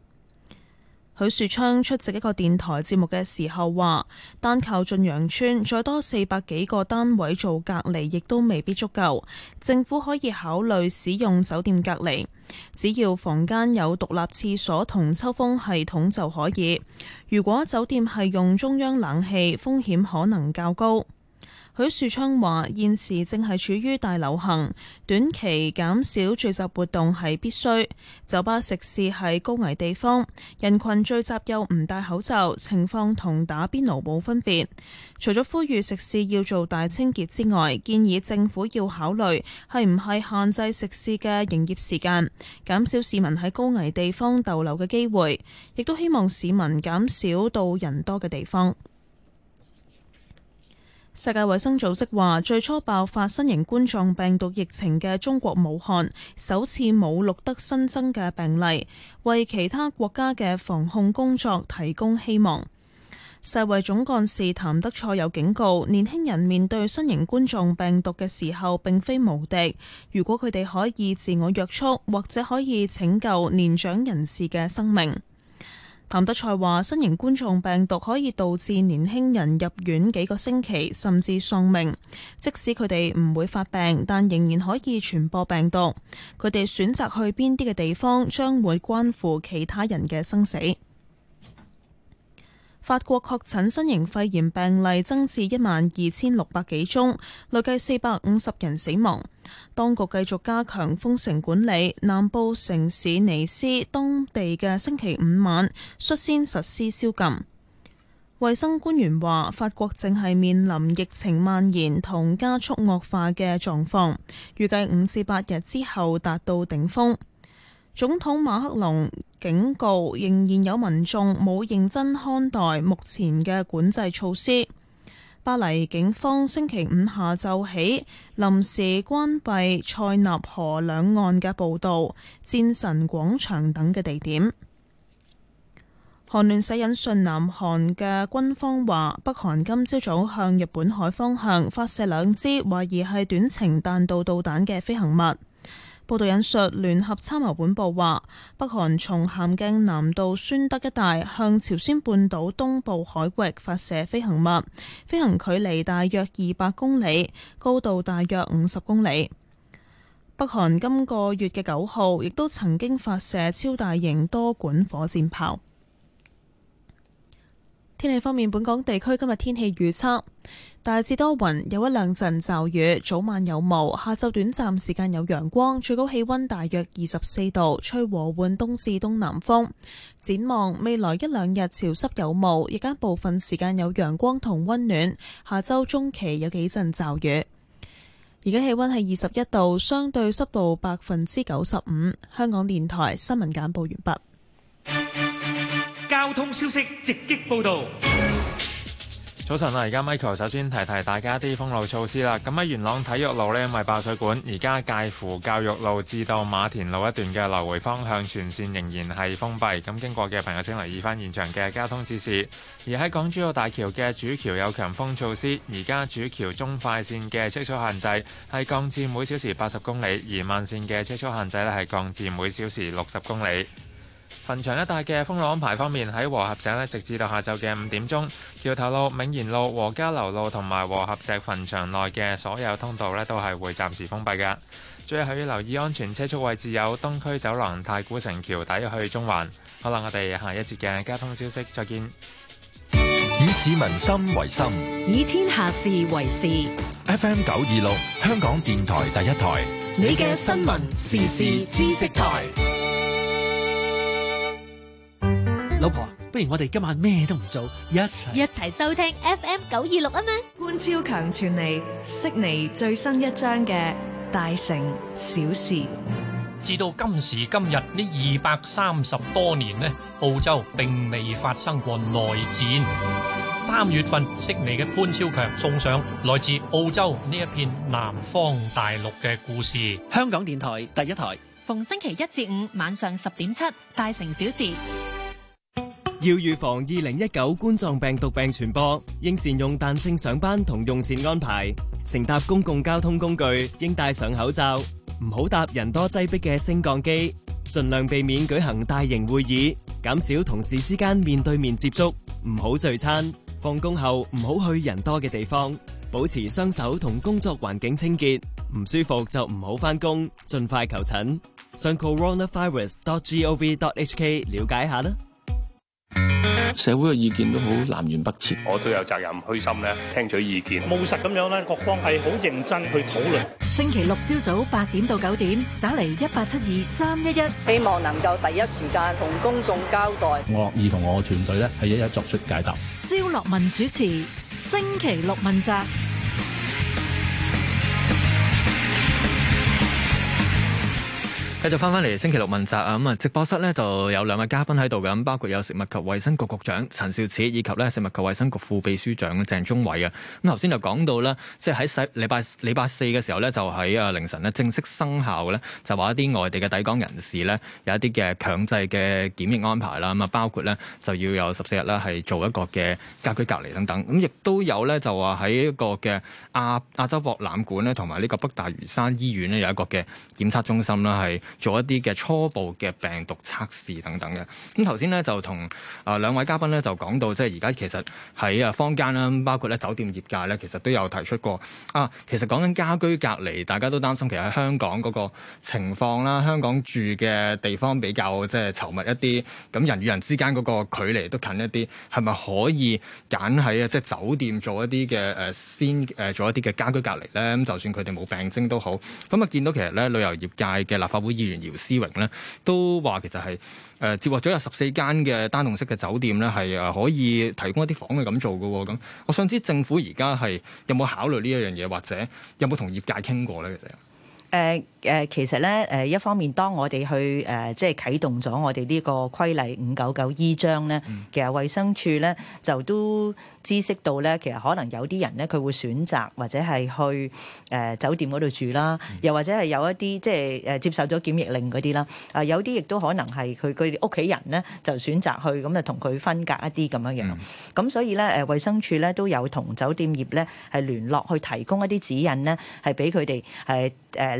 許樹昌出席一個電台節目嘅時候話，單靠駿洋邨，再多四百幾個單位做隔離，亦都未必足夠。政府可以考慮使用酒店隔離，只要房間有獨立廁所同抽風系統就可以。如果酒店係用中央冷氣，風險可能較高。許樹昌話：現時正係處於大流行，短期減少聚集活動係必須。酒吧食肆係高危地方，人群聚集又唔戴口罩，情況同打邊爐冇分別。除咗呼籲食肆要做大清潔之外，建議政府要考慮係唔係限制食肆嘅營業時間，減少市民喺高危地方逗留嘅機會，亦都希望市民減少到人多嘅地方。世界衛生組織話最初爆發新型冠狀病毒疫情嘅中國武漢首次冇錄得新增嘅病例，為其他國家嘅防控工作提供希望。世衛總幹事譚德塞有警告：年輕人面對新型冠狀病毒嘅時候並非無敵，如果佢哋可以自我約束，或者可以拯救年長人士嘅生命。譚德賽話，新型冠狀病毒可以導致年輕人入院幾個星期，甚至喪命。即使佢哋唔會發病，但仍然可以傳播病毒。佢哋選擇去邊啲嘅地方，將會關乎其他人嘅生死。法國確診新型肺炎病例增至一萬二千六百幾宗，累計四百五十人死亡。當局繼續加強封城管理，南部城市尼斯當地嘅星期五晚率先實施宵禁。衛生官員話，法國正係面臨疫情蔓延同加速惡化嘅狀況，預計五至八日之後達到頂峰。總統馬克龍警告仍然有民眾冇認真看待目前嘅管制措施。巴黎警方星期五下晝起臨時關閉塞納河兩岸嘅步道、戰神廣場等嘅地點。韓聯社引述，南韓嘅軍方話，北韓今朝早向日本海方向發射兩支懷疑係短程彈道導彈嘅飛行物。報道引述聯合參謀本部話，北韓從咸鏡南道宣德一帶向朝鮮半島東部海域發射飛行物，飛行距離大約二百公里，高度大約五十公里。北韓今個月嘅九號亦都曾經發射超大型多管火箭炮。天氣方面，本港地區今日天氣預測大致多雲，有一兩陣驟雨，早晚有霧，下晝短暫時間有陽光，最高氣溫大約二十四度，吹和緩東至東南風。展望未來一兩日潮濕有霧，日間部分時間有陽光同溫暖，下周中期有幾陣驟雨。而家氣溫係二十一度，相對濕度百分之九十五。香港電台新聞簡報完畢。交通消息直擊報道。早晨啊，而家 Michael 首先提提大家啲封路措施啦。咁喺元朗體育路呢，因為爆水管，而家介乎教育路至到馬田路一段嘅來回方向全線仍然係封閉。咁經過嘅朋友，請留意翻現場嘅交通指示。而喺港珠澳大橋嘅主橋有強風措施，而家主橋中快線嘅車速限制係降至每小時八十公里，而慢線嘅車速限制係降至每小時六十公里。墳場一帶嘅封路安排方面，喺和合石咧，直至到下晝嘅五點鐘，橋頭路、明賢路、和家樓路同埋和合石墳場內嘅所有通道呢，都係會暫時封閉嘅。最後要留意安全車速位置有東區走廊、太古城橋底去中環。好啦，我哋下一節嘅交通消息再見。以市民心為心，以天下事為事。F M 九二六，香港電台第一台，你嘅新聞、時事、知識台。老婆，不如我哋今晚咩都唔做，一齊一齊收聽 FM 九二六啊咩？潘超強傳嚟悉尼最新一章嘅《大城小事》。至到今時今日呢二百三十多年呢，澳洲並未發生過內戰。三月份悉尼嘅潘超強送上來自澳洲呢一片南方大陸嘅故事。香港電台第一台，逢星期一至五晚上十點七，《大城小事》。要預防二零一九冠狀病毒病傳播，應善用彈性上班同用膳安排。乘搭公共交通工具應戴上口罩，唔好搭人多擠迫嘅升降機。盡量避免舉行大型會議，減少同事之間面對面接觸。唔好聚餐，放工後唔好去人多嘅地方，保持雙手同工作環境清潔。唔舒服就唔好返工，盡快求診。上 coronavirus.gov.hk 了解下啦。社會嘅意見都好南轅北轍，我都有責任虛心咧聽取意見，務實咁樣咧，各方係好認真去討論。星期六朝早八點到九點，打嚟一八七二三一一，希望能夠第一時間同公眾交代，我樂意同我，我團隊咧係一一作出解答。蕭樂文主持星期六問責。繼續翻翻嚟星期六問責啊！咁啊，直播室咧就有兩位嘉賓喺度咁，包括有食物及衛生局局長陳肇始，以及咧食物及衛生局副秘書長鄭鍾偉啊。咁頭先就講到咧，即係喺細禮拜禮拜四嘅時候咧，就喺啊凌晨咧正式生效咧，就話一啲外地嘅抵港人士咧，有一啲嘅強制嘅檢疫安排啦。咁啊，包括咧就要有十四日咧係做一個嘅家居隔離等等。咁亦都有咧就話喺一個嘅亞亞洲博覽館咧，同埋呢個北大嶼山醫院咧有一個嘅檢測中心啦，係。做一啲嘅初步嘅病毒測試等等嘅。咁頭先咧就同啊兩位嘉賓咧就講到，即係而家其實喺啊坊間啦，包括咧酒店業界咧，其實都有提出過啊。其實講緊家居隔離大家都擔心，其實喺香港嗰個情況啦，香港住嘅地方比較即係稠密一啲，咁人與人之間嗰個距離都近一啲，係咪可以揀喺啊即係酒店做一啲嘅誒先誒做一啲嘅家居隔離咧？咁就算佢哋冇病徵都好。咁啊見到其實咧旅遊業界嘅立法會議。姚思榮咧都話，其實係誒、呃、接獲咗有十四間嘅單棟式嘅酒店咧，係誒可以提供一啲房嘅咁做嘅喎、哦。咁我想知政府而家係有冇考慮呢一樣嘢，或者有冇同業界傾過咧？其實。其實咧，一方面，當我哋去誒，即係啟動咗我哋呢個規例五九九 E 章咧、嗯，其實衞生處咧就都知悉到咧，其實可能有啲人咧，佢會選擇或者係去酒店嗰度住啦、嗯，又或者係有一啲即係接受咗檢疫令嗰啲啦，啊有啲亦都可能係佢佢屋企人咧就選擇去咁啊，同佢分隔一啲咁樣樣。咁、嗯、所以咧，誒衞生處咧都有同酒店業咧係聯絡去提供一啲指引咧，係俾佢哋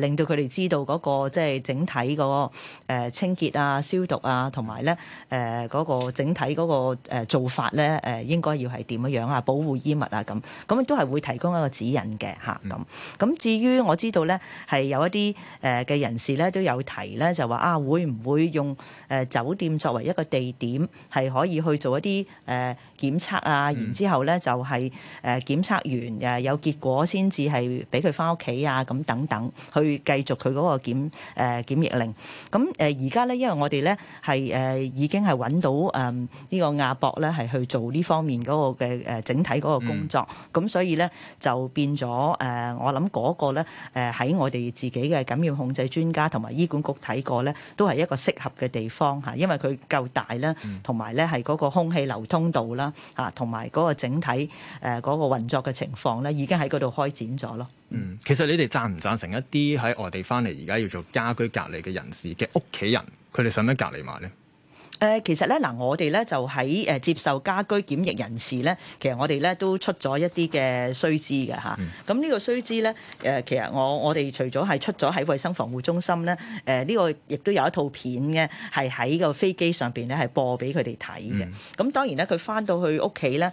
令到佢哋知道嗰個即係整體嗰個誒清潔啊、消毒啊，同埋咧誒嗰個整體嗰個誒做法咧誒應該要係點樣樣啊？保護衣物啊咁，咁都係會提供一個指引嘅吓，咁、嗯。咁至於我知道咧，係有一啲誒嘅人士咧都有提咧，就話啊會唔會用誒酒店作為一個地點係可以去做一啲誒檢測啊，然之後咧就係誒檢測完誒有結果先至係俾佢翻屋企啊，咁等等去。繼續佢嗰個檢誒檢疫令，咁誒而家咧，因為我哋咧係誒已經係揾到誒呢個亞博咧，係去做呢方面嗰個嘅誒整體嗰個工作，咁、嗯、所以咧就變咗誒我諗嗰個咧誒喺我哋自己嘅感染控制專家同埋醫管局睇過咧，都係一個適合嘅地方吓，因為佢夠大啦，同埋咧係嗰個空氣流通度啦吓同埋嗰個整體誒嗰個運作嘅情況咧，已經喺嗰度開展咗咯。嗯，其實你哋贊唔贊成一啲？喺外地翻嚟而家要做家居隔離嘅人士嘅屋企人，佢哋使唔使隔離埋咧？其實咧嗱，我哋咧就喺接受家居檢疫人士咧，其實我哋咧都出咗一啲嘅須知嘅吓。咁呢個須知咧，其實我我哋除咗係出咗喺衛生防護中心咧，呢個亦都有一套片嘅，係喺個飛機上面咧係播俾佢哋睇嘅。咁、mm. 當然咧，佢翻到去屋企咧，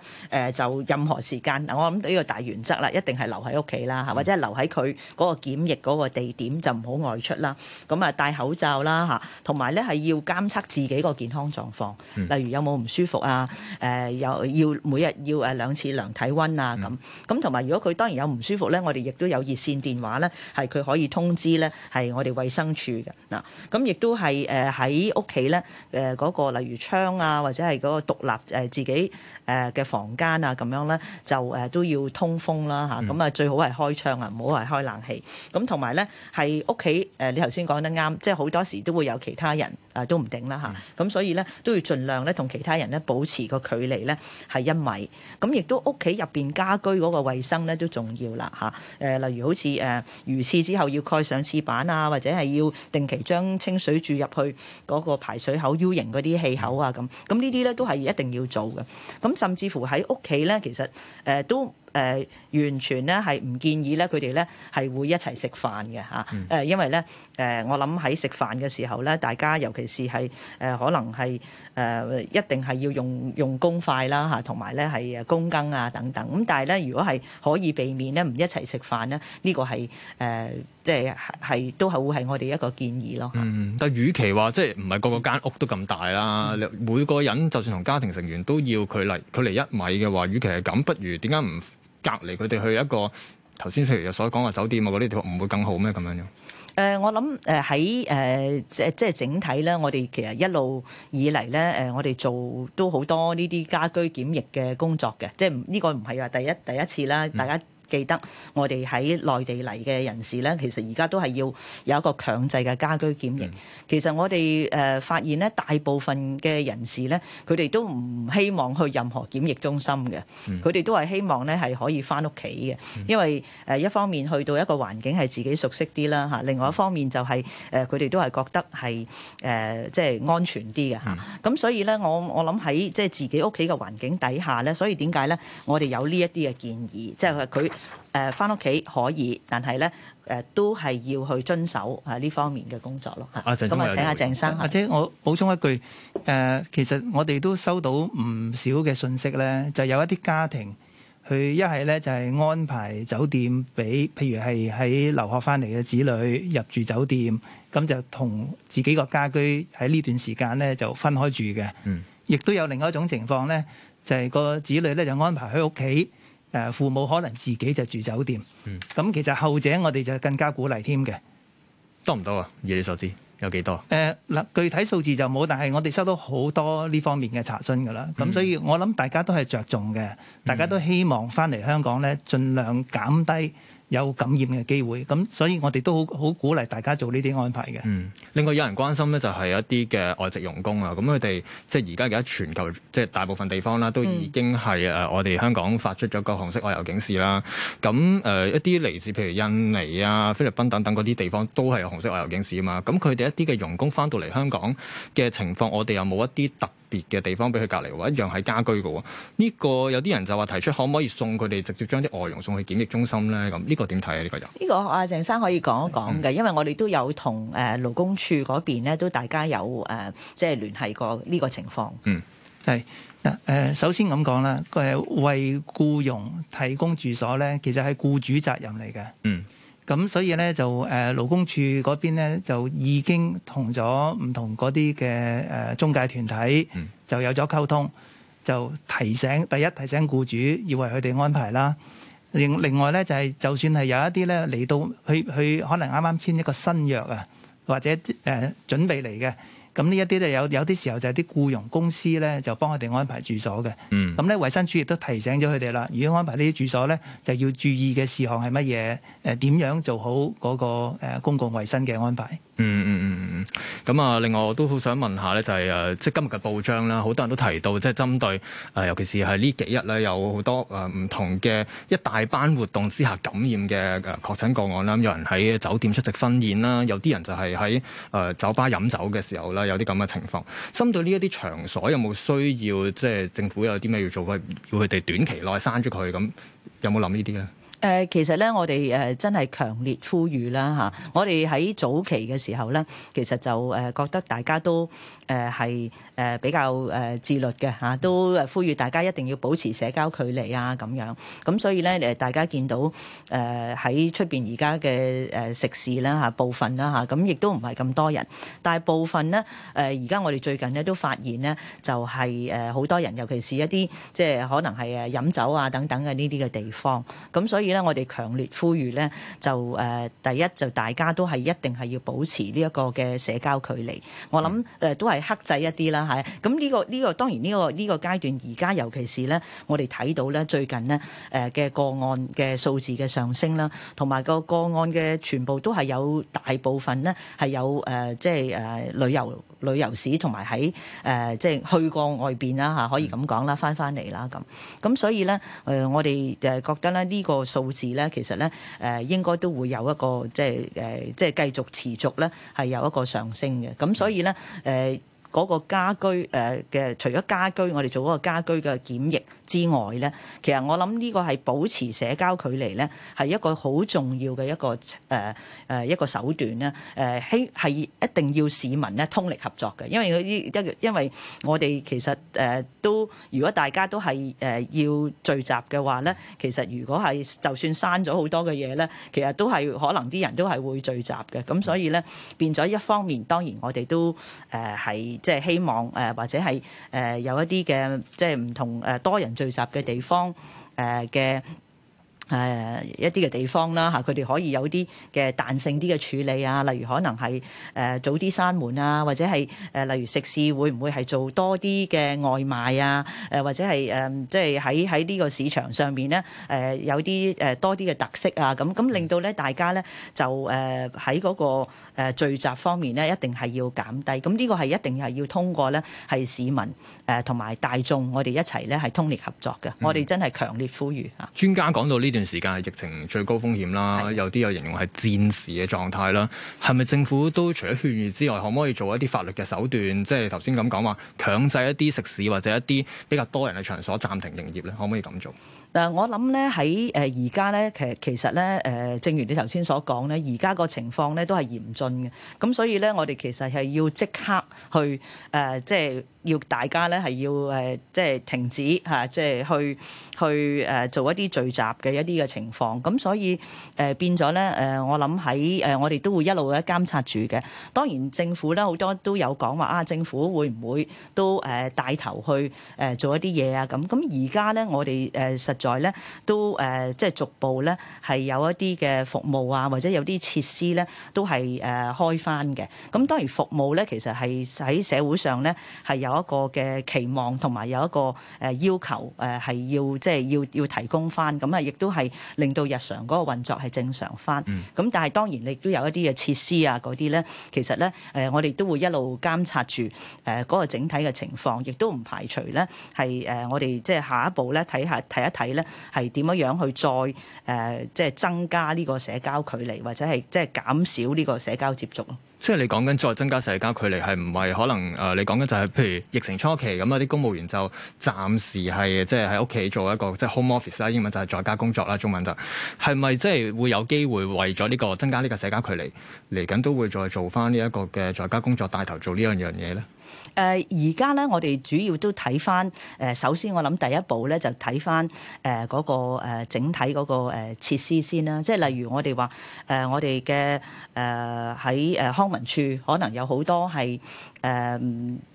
就任何時間嗱，我諗呢個大原則啦，一定係留喺屋企啦，mm. 或者係留喺佢嗰個檢疫嗰個地點就唔好外出啦。咁啊戴口罩啦吓，同埋咧係要監測自己個健健康狀況，例如有冇唔舒服啊？有、呃、要每日要誒兩次量體温啊，咁咁同埋如果佢當然有唔舒服咧，我哋亦都有熱線電話咧，係佢可以通知咧，係我哋衛生署嘅嗱。咁亦都係喺屋企咧嗰個例如窗啊，或者係嗰個獨立、呃、自己嘅房間啊咁樣咧，就、呃、都要通風啦嚇咁啊，啊、嗯、最好係開窗啊，唔好係開冷氣。咁同埋咧係屋企誒你頭先講得啱，即係好多時都會有其他人。誒都唔定啦吓，咁所以呢，都要盡量呢，同其他人呢，保持個距離呢，係一米，咁亦都屋企入邊家居嗰個衛生呢，都重要啦吓。誒例如好似誒如廁之後要蓋上廁板啊，或者係要定期將清水注入去嗰個排水口 U 型嗰啲氣口啊咁，咁呢啲呢，都係一定要做嘅。咁甚至乎喺屋企呢，其實誒都。誒、呃、完全咧係唔建議咧佢哋咧係會一齊食飯嘅嚇誒，因為咧誒我諗喺食飯嘅時候咧，大家尤其是係誒可能係誒、呃、一定係要用用公筷啦嚇，同埋咧係公羹啊等等。咁但係咧，如果係可以避免咧，唔一齊食飯咧，呢個係誒即係係都係會係我哋一個建議咯。嗯，但係與其話即係唔係個個間屋都咁大啦，每個人就算同家庭成員都要距離距離一米嘅話，與其係咁，不如點解唔？隔離佢哋去一個頭先譬如有所講話酒店啊，嗰啲地方唔會更好咩咁樣樣？誒、呃，我諗誒喺誒即即係整體咧，我哋其實一路以嚟咧誒，我哋做都好多呢啲家居檢疫嘅工作嘅，即係呢個唔係話第一第一次啦，大家、嗯。記得我哋喺內地嚟嘅人士咧，其實而家都係要有一個強制嘅家居檢疫。Mm. 其實我哋誒、呃、發現咧，大部分嘅人士咧，佢哋都唔希望去任何檢疫中心嘅，佢、mm. 哋都係希望咧係可以翻屋企嘅，mm. 因為、呃、一方面去到一個環境係自己熟悉啲啦吓，另外一方面就係呃、佢哋都係覺得係、呃、即係安全啲嘅吓。咁所以咧，我我諗喺即係自己屋企嘅環境底下咧，所以點解咧，我哋有呢一啲嘅建議，即係佢。誒、呃，翻屋企可以，但係咧，誒、呃、都係要去遵守啊呢方面嘅工作咯。啊，鄭、啊啊、生，咁啊，請阿鄭生。阿、啊、姐，我補充一句，誒、呃，其實我哋都收到唔少嘅信息咧，就有一啲家庭去，佢一係咧就係、是、安排酒店俾，譬如係喺留學翻嚟嘅子女入住酒店，咁就同自己個家居喺呢段時間咧就分開住嘅。嗯。亦都有另外一種情況咧，就係、是、個子女咧就安排喺屋企。誒父母可能自己就住酒店，咁、嗯、其實後者我哋就更加鼓勵添嘅，多唔多啊？以你所知有幾多？誒、呃、嗱，具體數字就冇，但係我哋收到好多呢方面嘅查詢㗎啦。咁、嗯、所以我諗大家都係着重嘅，大家都希望翻嚟香港咧，盡量減低有感染嘅機會，咁所以我哋都好好鼓勵大家做呢啲安排嘅。嗯，另外有人關心呢，就係一啲嘅外籍傭工啊，咁佢哋即係而家而家全球即係、就是、大部分地方啦，都已經係誒我哋香港發出咗個紅色外遊警示啦。咁誒一啲嚟自譬如印尼啊、菲律賓等等嗰啲地方，都係有紅色外遊警示啊嘛。咁佢哋一啲嘅傭工翻到嚟香港嘅情況，我哋又冇一啲特別嘅地方俾佢隔離喎，一樣喺家居嘅喎。呢個有啲人就話提出可唔可以送佢哋直接將啲外傭送去檢疫中心咧？咁呢個點睇啊？呢個就呢個阿鄭生可以講一講嘅，因為我哋都有同誒勞工處嗰邊咧，都大家有誒、呃、即係聯繫過呢個情況。嗯，係嗱誒，首先咁講啦，佢係為僱傭提供住所咧，其實係僱主責任嚟嘅、呃。嗯。咁所以咧就誒、呃、勞工處嗰邊咧就已經同咗唔同嗰啲嘅誒中介團體就有咗溝通，就提醒第一提醒僱主要為佢哋安排啦。另另外咧就係、是、就算係有一啲咧嚟到佢佢可能啱啱簽一個新約啊，或者誒、呃、準備嚟嘅。咁呢一啲咧有有啲時候就係啲僱傭公司咧就幫佢哋安排住所嘅。咁咧衞生署亦都提醒咗佢哋啦，如果安排呢啲住所咧，就要注意嘅事項係乜嘢？誒、呃、點樣做好嗰、嗰個、呃、公共衞生嘅安排？嗯嗯嗯嗯，咁、嗯、啊、嗯，另外我都好想問下咧，就係誒，即係今日嘅報章啦，好多人都提到，即、就、係、是、針對誒，尤其是係呢幾日咧，有好多誒唔同嘅一大班活動之下感染嘅誒確診個案啦，有人喺酒店出席婚宴啦，有啲人就係喺誒酒吧飲酒嘅時候啦，有啲咁嘅情況。針對呢一啲場所，有冇需要即係、就是、政府有啲咩要做，要佢哋短期內閂咗佢？咁有冇諗呢啲咧？誒其實咧，我哋誒真係強烈呼籲啦嚇！我哋喺早期嘅時候咧，其實就誒覺得大家都誒係誒比較誒自律嘅嚇，都誒呼籲大家一定要保持社交距離啊咁樣。咁所以咧誒，大家見到誒喺出邊而家嘅誒食肆啦嚇，部分啦嚇，咁亦都唔係咁多人。但係部分呢，誒，而家我哋最近咧都發現呢，就係誒好多人，尤其是一啲即係可能係誒飲酒啊等等嘅呢啲嘅地方。咁所以咧，我哋強烈呼籲咧，就誒第一就大家都係一定係要保持呢一個嘅社交距離。我諗誒都係克制一啲啦，嚇。咁呢個呢個當然呢個呢個階段，而家尤其是咧，我哋睇到咧最近呢誒嘅個案嘅數字嘅上升啦，同埋個個案嘅全部都係有大部分呢係有誒即係誒旅遊。旅遊史同埋喺呃即係去過外邊啦嚇，可以咁講啦，翻翻嚟啦咁。咁所以咧、呃，我哋誒覺得咧呢、呢個數字咧，其實咧、呃、應該都會有一個即係、呃、即係繼續持續咧係有一個上升嘅。咁所以咧、呃嗰、那個家居誒嘅、呃，除咗家居，我哋做嗰個家居嘅檢疫之外咧，其實我諗呢個係保持社交距離咧，係一個好重要嘅一個誒誒、呃、一個手段咧。誒希係一定要市民咧通力合作嘅，因為依一因為我哋其實誒都如果大家都係誒要聚集嘅話咧，其實如果係就算刪咗好多嘅嘢咧，其實都係可能啲人都係會聚集嘅。咁所以咧變咗一方面，當然我哋都誒係。呃是即係希望誒、呃，或者係誒、呃、有一啲嘅即係唔同誒、呃、多人聚集嘅地方誒嘅。呃嘅誒、呃、一啲嘅地方啦吓，佢哋可以有啲嘅彈性啲嘅處理啊，例如可能係誒、呃、早啲閂門啊，或者係誒、呃、例如食肆會唔會係做多啲嘅外賣啊？誒或者係誒即係喺喺呢個市場上面咧誒有啲誒、呃、多啲嘅特色啊咁咁令到咧大家咧就誒喺嗰個誒聚集方面咧一定係要減低，咁呢個係一定係要通過咧係市民誒同埋大眾我哋一齊咧係通力合作嘅，嗯、我哋真係強烈呼籲啊！專、嗯、家講到呢段。段時間係疫情最高風險啦，有啲又形容係戰時嘅狀態啦。係咪政府都除咗勸喻之外，可唔可以做一啲法律嘅手段？即係頭先咁講話，強制一啲食肆或者一啲比較多人嘅場所暫停營業咧？可唔可以咁做？嗱，我諗咧喺誒而家咧，其實其實咧誒，正如你頭先所講咧，而家個情況咧都係嚴峻嘅。咁所以咧，我哋其實係要即刻去誒，即係要大家咧係要誒，即係停止吓，即係去。去誒做一啲聚集嘅一啲嘅情況，咁所以、呃、變咗咧誒我諗喺誒我哋都會一路咧監察住嘅。當然政府咧好多都有講話啊，政府會唔會都誒帶頭去誒做一啲嘢啊？咁咁而家咧我哋誒實在咧都誒即係逐步咧係有一啲嘅服務啊，或者有啲設施咧都係誒開翻嘅。咁當然服務咧其實係喺社會上咧係有一個嘅期望同埋有一個誒要求誒係、呃、要即即係要要提供翻，咁啊，亦都係令到日常嗰個運作係正常翻。咁、嗯、但係當然，你亦都有一啲嘅設施啊，嗰啲咧，其實咧，誒，我哋都會一路監察住誒嗰個整體嘅情況，亦都唔排除咧係誒，我哋即係下一步咧睇下睇一睇咧，係點樣樣去再誒、呃，即係增加呢個社交距離，或者係即係減少呢個社交接觸咯。即係你講緊再增加社交距離係唔係可能誒、呃？你講緊就係譬如疫情初期咁啊，啲公務員就暫時係即係喺屋企做一個即係、就是、home office 啦，英文就係在家工作啦，中文就係咪即係會有機會為咗呢、這個增加呢個社交距離，嚟緊都會再做翻呢一個嘅在家工作帶頭做呢樣樣嘢咧？誒而家咧，我哋主要都睇翻、呃、首先我諗第一步咧，就睇翻嗰個、呃、整體嗰個誒設施先啦。即係例如我哋話、呃、我哋嘅喺康文署，可能有好多係。誒、呃，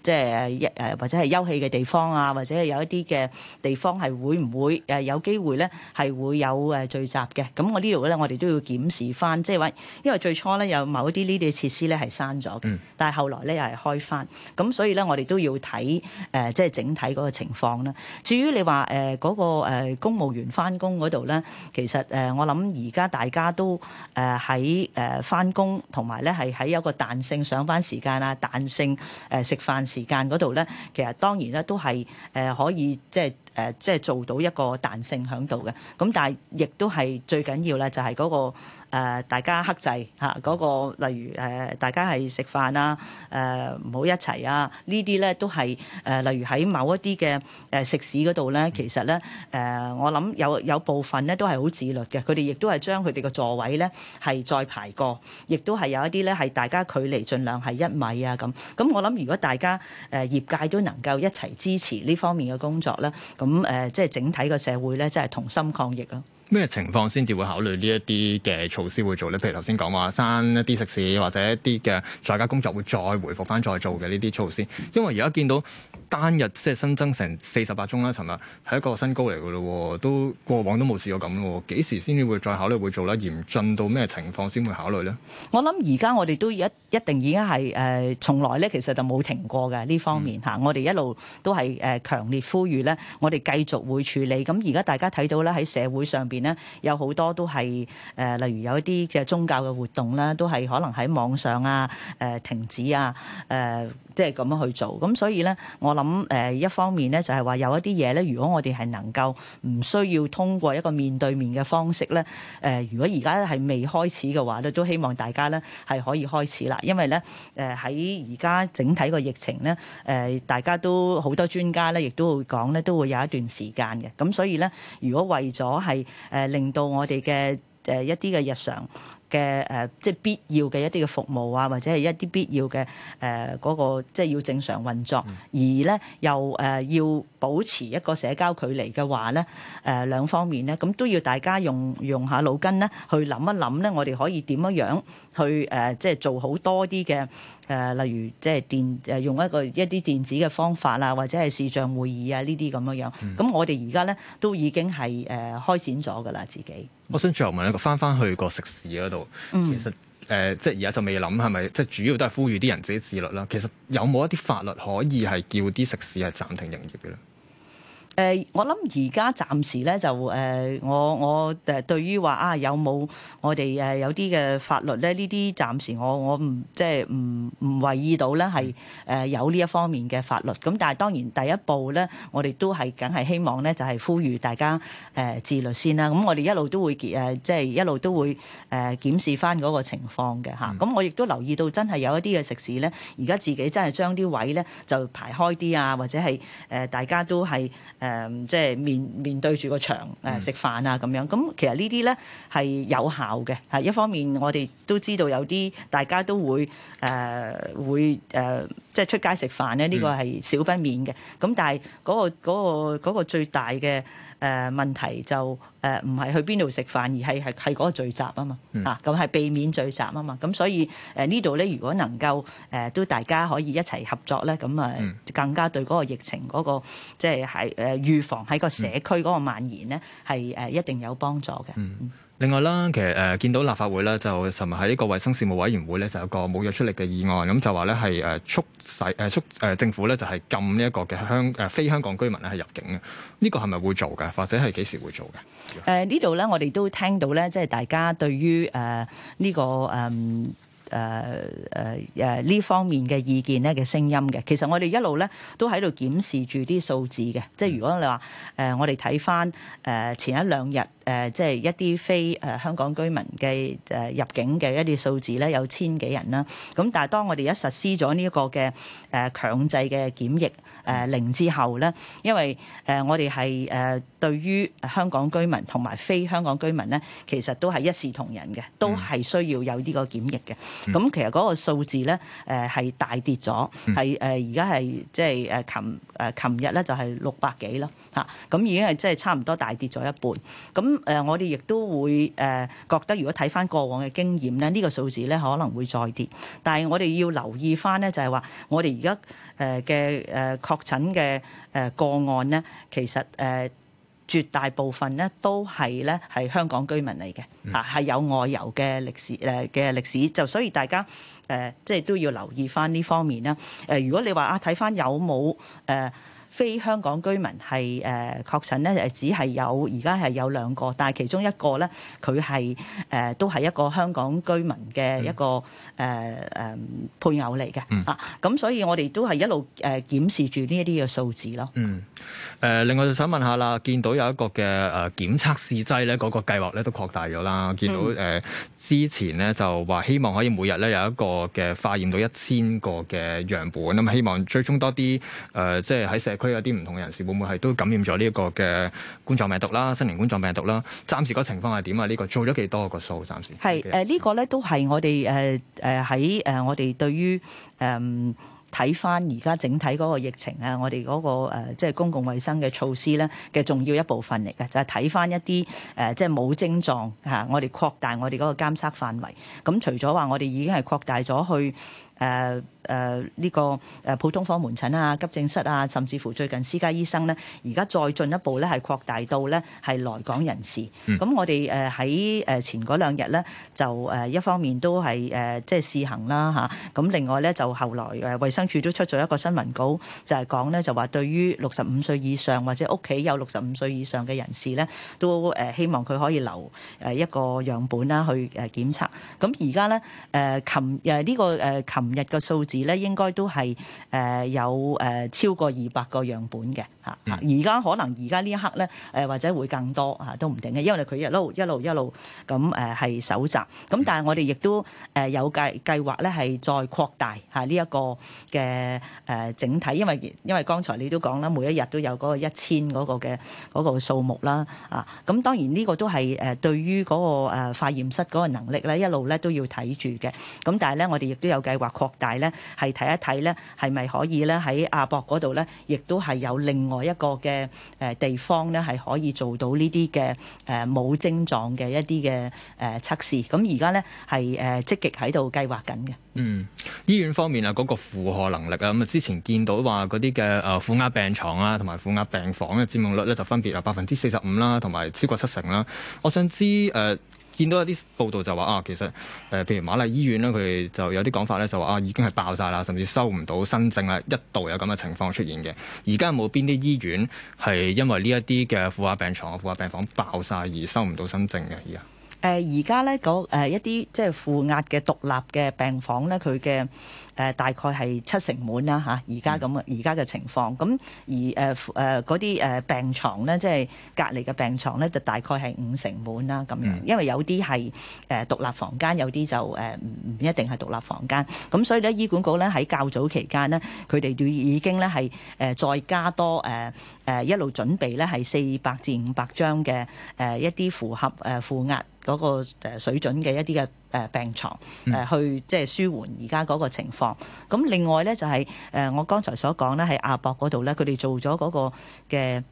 即係誒，誒或者係休憩嘅地方啊，或者係有一啲嘅地方係會唔會誒有機會咧係會有誒聚集嘅？咁我呢度咧，我哋都要檢視翻，即係話，因為最初咧有某啲呢啲設施咧係閂咗嘅，但係後來咧又係開翻，咁所以咧我哋都要睇誒、呃，即係整體嗰個情況啦。至於你話誒嗰個公務員翻工嗰度咧，其實誒、呃、我諗而家大家都誒喺誒翻工，同埋咧係喺有個彈性上班時間啊，彈性。誒，食飯時間嗰度咧，其實當然咧都係誒可以即係誒即係做到一個彈性響度嘅，咁但係亦都係最緊要咧，就係嗰個。誒、呃、大家克制吓嗰、啊那個，例如誒、呃、大家係食飯啊，誒唔好一齊啊，這些呢啲咧都係誒、呃、例如喺某一啲嘅誒食肆嗰度咧，其實咧誒、呃、我諗有有部分咧都係好自律嘅，佢哋亦都係將佢哋嘅座位咧係再排過，亦都係有一啲咧係大家距離盡量係一米啊咁。咁我諗如果大家誒、呃、業界都能夠一齊支持呢方面嘅工作咧，咁誒即係整體個社會咧真係同心抗疫啊。咩情況先至會考慮呢一啲嘅措施會做咧？譬如頭先講話，生一啲食肆或者一啲嘅在家工作會再回復返再做嘅呢啲措施，因為而家見到。單日即係新增成四十八宗啦，尋日係一個新高嚟㗎咯，都過往都冇試過咁咯。幾時先至會再考慮會做啦？嚴峻到咩情況先會考慮呢？我諗而家我哋都一一定已經係誒從來咧，其實就冇停過嘅呢方面嚇、嗯。我哋一路都係誒強烈呼籲咧，我哋繼續會處理。咁而家大家睇到咧喺社會上邊呢，有好多都係誒、呃，例如有一啲嘅宗教嘅活動啦，都係可能喺網上啊誒、呃、停止啊誒。呃即係咁樣去做，咁所以呢，我諗誒一方面呢，就係話有一啲嘢呢，如果我哋係能夠唔需要通過一個面對面嘅方式呢，誒、呃，如果而家係未開始嘅話呢，都希望大家呢係可以開始啦，因為呢，誒喺而家整體個疫情呢，誒、呃、大家都好多專家呢，亦都會講呢，都會有一段時間嘅，咁所以呢，如果為咗係誒令到我哋嘅誒一啲嘅日常。嘅誒、呃，即係必要嘅一啲嘅服務啊，或者係一啲必要嘅誒嗰個，即係要正常運作，嗯、而咧又誒、呃、要保持一個社交距離嘅話咧，誒、呃、兩方面咧，咁都要大家用用下腦筋咧，去諗一諗咧，我哋可以點樣樣去誒、呃，即係做好多啲嘅。誒、呃，例如即係電誒，用一個一啲電子嘅方法啦，或者係視像會議啊，這些這嗯、呢啲咁樣樣。咁我哋而家咧都已經係誒、呃、開展咗嘅啦，自己。我想最後問一個，翻翻去個食肆嗰度，其實誒、呃，即係而家就未諗係咪，即係主要都係呼籲啲人自己自律啦。其實有冇一啲法律可以係叫啲食肆係暫停營業嘅咧？誒、呃，我諗而家暫時咧就誒、呃，我我誒對於話啊有冇我哋誒、呃、有啲嘅法律咧呢啲暫時我我唔即係唔唔為意到咧係誒有呢一方面嘅法律。咁但係當然第一步咧，我哋都係梗係希望咧就係呼籲大家誒、呃、自律先啦。咁我哋一路都會誒即係一路都會誒、呃、檢視翻嗰個情況嘅嚇。咁、嗯、我亦都留意到真係有一啲嘅食肆咧，而家自己真係將啲位咧就排開啲啊，或者係誒、呃、大家都係。呃誒，即係面面對住個場誒，食、呃、飯啊咁樣，咁其實呢啲咧係有效嘅。係一方面，我哋都知道有啲大家都會誒、呃，會誒。呃即係出街食飯咧，呢個係少不免嘅。咁、嗯、但係、嗰、嗰個嗰、嗰個嗰個、最大嘅誒、呃、問題就誒唔係去邊度食飯，而係係係嗰個聚集啊嘛嚇，咁、嗯、係、啊、避免聚集啊嘛。咁所以誒、呃、呢度咧，如果能夠誒都、呃、大家可以一齊合作咧，咁、嗯、啊、嗯、更加對嗰個疫情嗰、嗰個即係係誒預防喺個社區嗰個蔓延咧係誒一定有幫助嘅。嗯另外啦，其實誒、呃、見到立法會咧，就尋日喺呢個衞生事務委員會咧，就有一個冇約束力嘅議案，咁就話咧係誒促使誒促誒政府咧就係禁呢一個嘅香誒非香港居民咧係入境嘅。呢、呢個係咪會做嘅？或者係幾時會做嘅？誒、呃、呢度咧，我哋都聽到咧，即、就、係、是、大家對於誒呢、呃呢個誒。呃誒誒誒呢方面嘅意見咧嘅聲音嘅，其實我哋一路咧都喺度檢視住啲數字嘅，即係如果你話誒、呃、我哋睇翻誒前一兩日誒即係一啲非誒、呃、香港居民嘅誒、呃、入境嘅一啲數字咧有千幾人啦，咁但係當我哋一實施咗呢個嘅誒強制嘅檢疫誒、呃、令之後咧，因為誒、呃、我哋係誒對於香港居民同埋非香港居民咧，其實都係一視同仁嘅，都係需要有呢個檢疫嘅。咁、嗯、其實嗰個數字咧，誒、呃、係大跌咗，係誒而家係即係誒琴誒琴日咧就係六百幾啦嚇，咁已經係即係差唔多大跌咗一半。咁誒、呃、我哋亦都會誒、呃、覺得，如果睇翻過往嘅經驗咧，呢、呢個數字咧可能會再跌。但係我哋要留意翻咧，就係話我哋而家誒嘅誒確診嘅誒個案咧，其實誒，呃絕大部分咧都係咧係香港居民嚟嘅，啊、嗯、係有外遊嘅歷史誒嘅歷史，就、呃、所以大家誒、呃、即係都要留意返呢方面啦。誒、呃、如果你話啊睇返有冇誒？呃非香港居民係誒、呃、確診咧，誒只係有而家係有兩個，但係其中一個咧，佢係誒都係一個香港居民嘅一個誒誒、呃、配偶嚟嘅、嗯、啊，咁所以我哋都係一路誒檢視住呢一啲嘅數字咯。嗯，誒、呃、另外就想問一下啦，見到有一個嘅誒檢測試劑咧，嗰個計劃咧都擴大咗啦，見到誒。呃嗯之前咧就話希望可以每日咧有一個嘅化驗到一千個嘅樣本咁，希望追蹤多啲誒，即係喺社區有啲唔同人士會唔會係都感染咗呢一個嘅冠狀病毒啦、新型冠狀病毒啦？暫時嗰個情況係點啊？呢、呢個做咗幾多個數？暫時係誒、呃呢個、呢個咧都係我哋誒誒喺誒我哋對於誒。呃睇翻而家整體嗰個疫情啊，我哋嗰個即係公共衛生嘅措施咧嘅重要一部分嚟嘅，就係睇翻一啲即係冇症狀嚇，我哋擴大我哋嗰個監測範圍。咁除咗話我哋已經係擴大咗去。誒誒呢個誒普通科門診啊、急症室啊，甚至乎最近私家醫生呢，而家再進一步咧係擴大到呢係來港人士。咁、嗯、我哋誒喺誒前嗰兩日呢，就誒、呃、一方面都係誒、呃、即係試行啦嚇。咁、啊、另外呢，就後來誒衛、呃、生署都出咗一個新聞稿，就係、是、講呢，就話對於六十五歲以上或者屋企有六十五歲以上嘅人士呢，都誒希望佢可以留誒一個樣本啦去誒檢查。咁而家呢，誒、呃、琴誒呢、呃這個誒、呃琴日嘅數字咧，應該都係誒有誒超過二百個樣本嘅嚇。而家可能而家呢一刻咧，誒或者會更多嚇都唔定嘅，因為佢一路一路一路咁誒係搜集。咁但係我哋亦都誒有計計劃咧，係再擴大嚇呢一個嘅誒整體。因為因為剛才你都講啦，每一日都有嗰個一千嗰個嘅嗰個數目啦。啊，咁當然呢個都係誒對於嗰個誒化驗室嗰個能力咧，一路咧都要睇住嘅。咁但係咧，我哋亦都有計劃。擴大呢係睇一睇呢係咪可以呢？喺亞博嗰度呢，亦都係有另外一個嘅誒地方呢，係可以做到呢啲嘅誒冇症狀嘅一啲嘅誒測試。咁而家呢，係誒積極喺度計劃緊嘅。嗯，醫院方面啊，嗰個負荷能力啊，咁啊之前見到話嗰啲嘅誒負壓病床啊，同埋負壓病房嘅佔用率呢，就分別啊百分之四十五啦，同埋超過七成啦。我想知誒，呃見到一啲報道就話啊，其實誒、呃，譬如瑪麗醫院咧，佢哋就有啲講法咧，就話啊已經係爆晒啦，甚至收唔到新症啦，一度有咁嘅情況出現嘅。而家有冇邊啲醫院係因為呢一啲嘅負壓病牀、負壓病房爆晒而收唔到新症嘅？而家？誒而家咧嗰一啲即係負壓嘅獨立嘅病房咧，佢嘅誒大概係七成滿啦吓，而家咁嘅而家嘅情況。咁而誒嗰啲誒病床咧，即係隔離嘅病床咧，就大概係五成滿啦咁樣。因為有啲係誒獨立房間，有啲就誒唔唔一定係獨立房間。咁所以咧，醫管局咧喺較早期間呢，佢哋已已經咧係、呃、再加多誒。呃誒一路準備咧係四百至五百張嘅誒一啲符合誒負壓嗰個水準嘅一啲嘅誒病床，誒去即係舒緩而家嗰個情況。咁另外咧就係誒我剛才所講咧喺亞博嗰度咧，佢哋做咗嗰個嘅。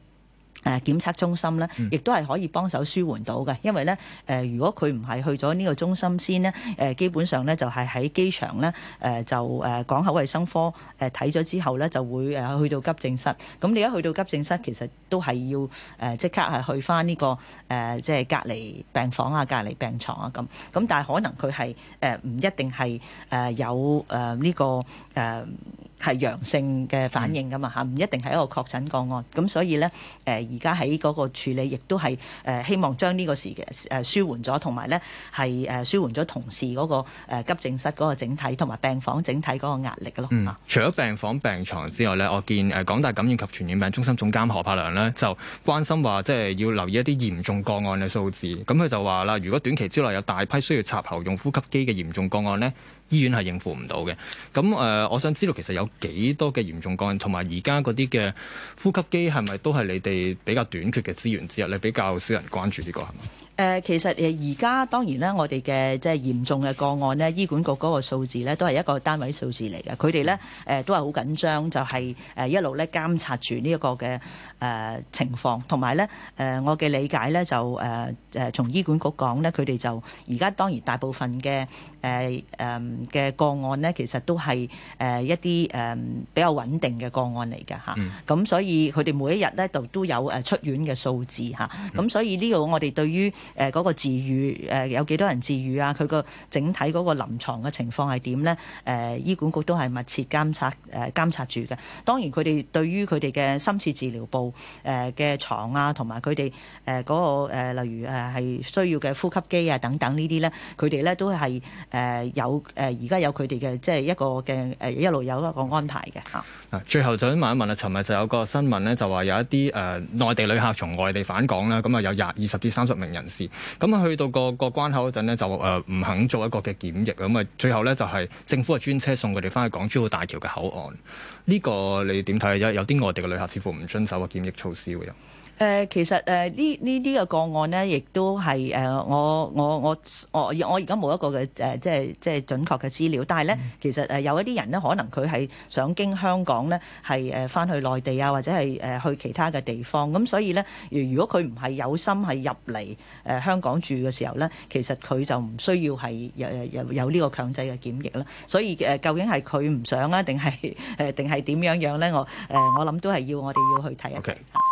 誒、啊、檢測中心咧，亦都係可以幫手舒緩到嘅，因為咧誒、呃，如果佢唔係去咗呢個中心先呢，誒、呃、基本上咧就係、是、喺機場咧誒、呃、就誒、呃、港口衞生科誒睇咗之後咧就會、呃、去到急症室。咁你一去到急症室，其實都係要誒即、呃、刻係去翻呢、這個誒即係隔離病房啊、隔離病床啊咁。咁但係可能佢係誒唔一定係誒有誒呢個誒。呃係陽性嘅反應㗎嘛嚇，唔一定係一個確診個案。咁所以咧，誒而家喺嗰個處理，亦都係誒希望將呢個事誒舒緩咗，同埋咧係誒舒緩咗同事嗰個急症室嗰個整體，同埋病房整體嗰個壓力咯。嗯，除咗病房病床之外咧，我見誒港大感染及傳染病中心總監何柏良呢就關心話，即係要留意一啲嚴重個案嘅數字。咁佢就話啦，如果短期之內有大批需要插喉用呼吸機嘅嚴重個案呢。」醫院係應付唔到嘅，咁誒、呃，我想知道其實有幾多嘅嚴重個案，同埋而家嗰啲嘅呼吸機係咪都係你哋比較短缺嘅資源之一？咧比較少人關注呢、呢個係咪？誒、呃、其實誒而家當然咧，我哋嘅即係嚴重嘅個案呢，醫管局嗰個數字呢，都係一個單位數字嚟嘅。佢哋呢誒、呃、都係好緊張，就係、是、誒一路咧監察住呢一個嘅誒、呃、情況，同埋呢，誒、呃、我嘅理解呢，就誒誒從醫管局講呢，佢哋就而家當然大部分嘅誒誒嘅個案呢，其實都係誒一啲誒、呃、比較穩定嘅個案嚟嘅嚇。咁、嗯啊、所以佢哋每一日呢就都有誒出院嘅數字嚇。咁、啊、所以呢個我哋對於誒、呃、嗰、那個治癒誒、呃、有幾多人治癒啊？佢個整體嗰個臨牀嘅情況係點呢？誒、呃、醫管局都係密切監察誒、呃、監察住嘅。當然佢哋對於佢哋嘅深切治療部誒嘅、呃、床啊，同埋佢哋誒嗰個例如誒係、呃、需要嘅呼吸機啊等等呢啲呢，佢哋呢都係誒、呃呃、有誒而家有佢哋嘅即係一個嘅誒一,一路有一個安排嘅。啊，最後就想問一問啊，尋日就有個新聞呢，就話有一啲誒、呃、內地旅客從外地返港啦，咁啊有廿二十至三十名人。咁啊，去到個個關口嗰陣咧，就誒唔肯做一個嘅檢疫，咁啊，最後呢，就係政府嘅專車送佢哋翻去港珠澳大橋嘅口岸。呢個你點睇啊？有啲外地嘅旅客似乎唔遵守個檢疫措施喎。誒、呃、其實誒呢呢啲嘅個案呢，亦都係誒、呃、我我我我而家冇一個嘅誒、呃、即係即係準確嘅資料。但係呢，其實誒、呃、有一啲人呢，可能佢係想經香港呢，係誒翻去內地啊，或者係誒、呃、去其他嘅地方。咁所以呢，如果佢唔係有心係入嚟誒、呃、香港住嘅時候呢，其實佢就唔需要係有有呢個強制嘅檢疫啦。所以誒、呃，究竟係佢唔想啊，定係誒定係點樣樣呢？我誒、呃、我諗都係要我哋要去睇一，okay.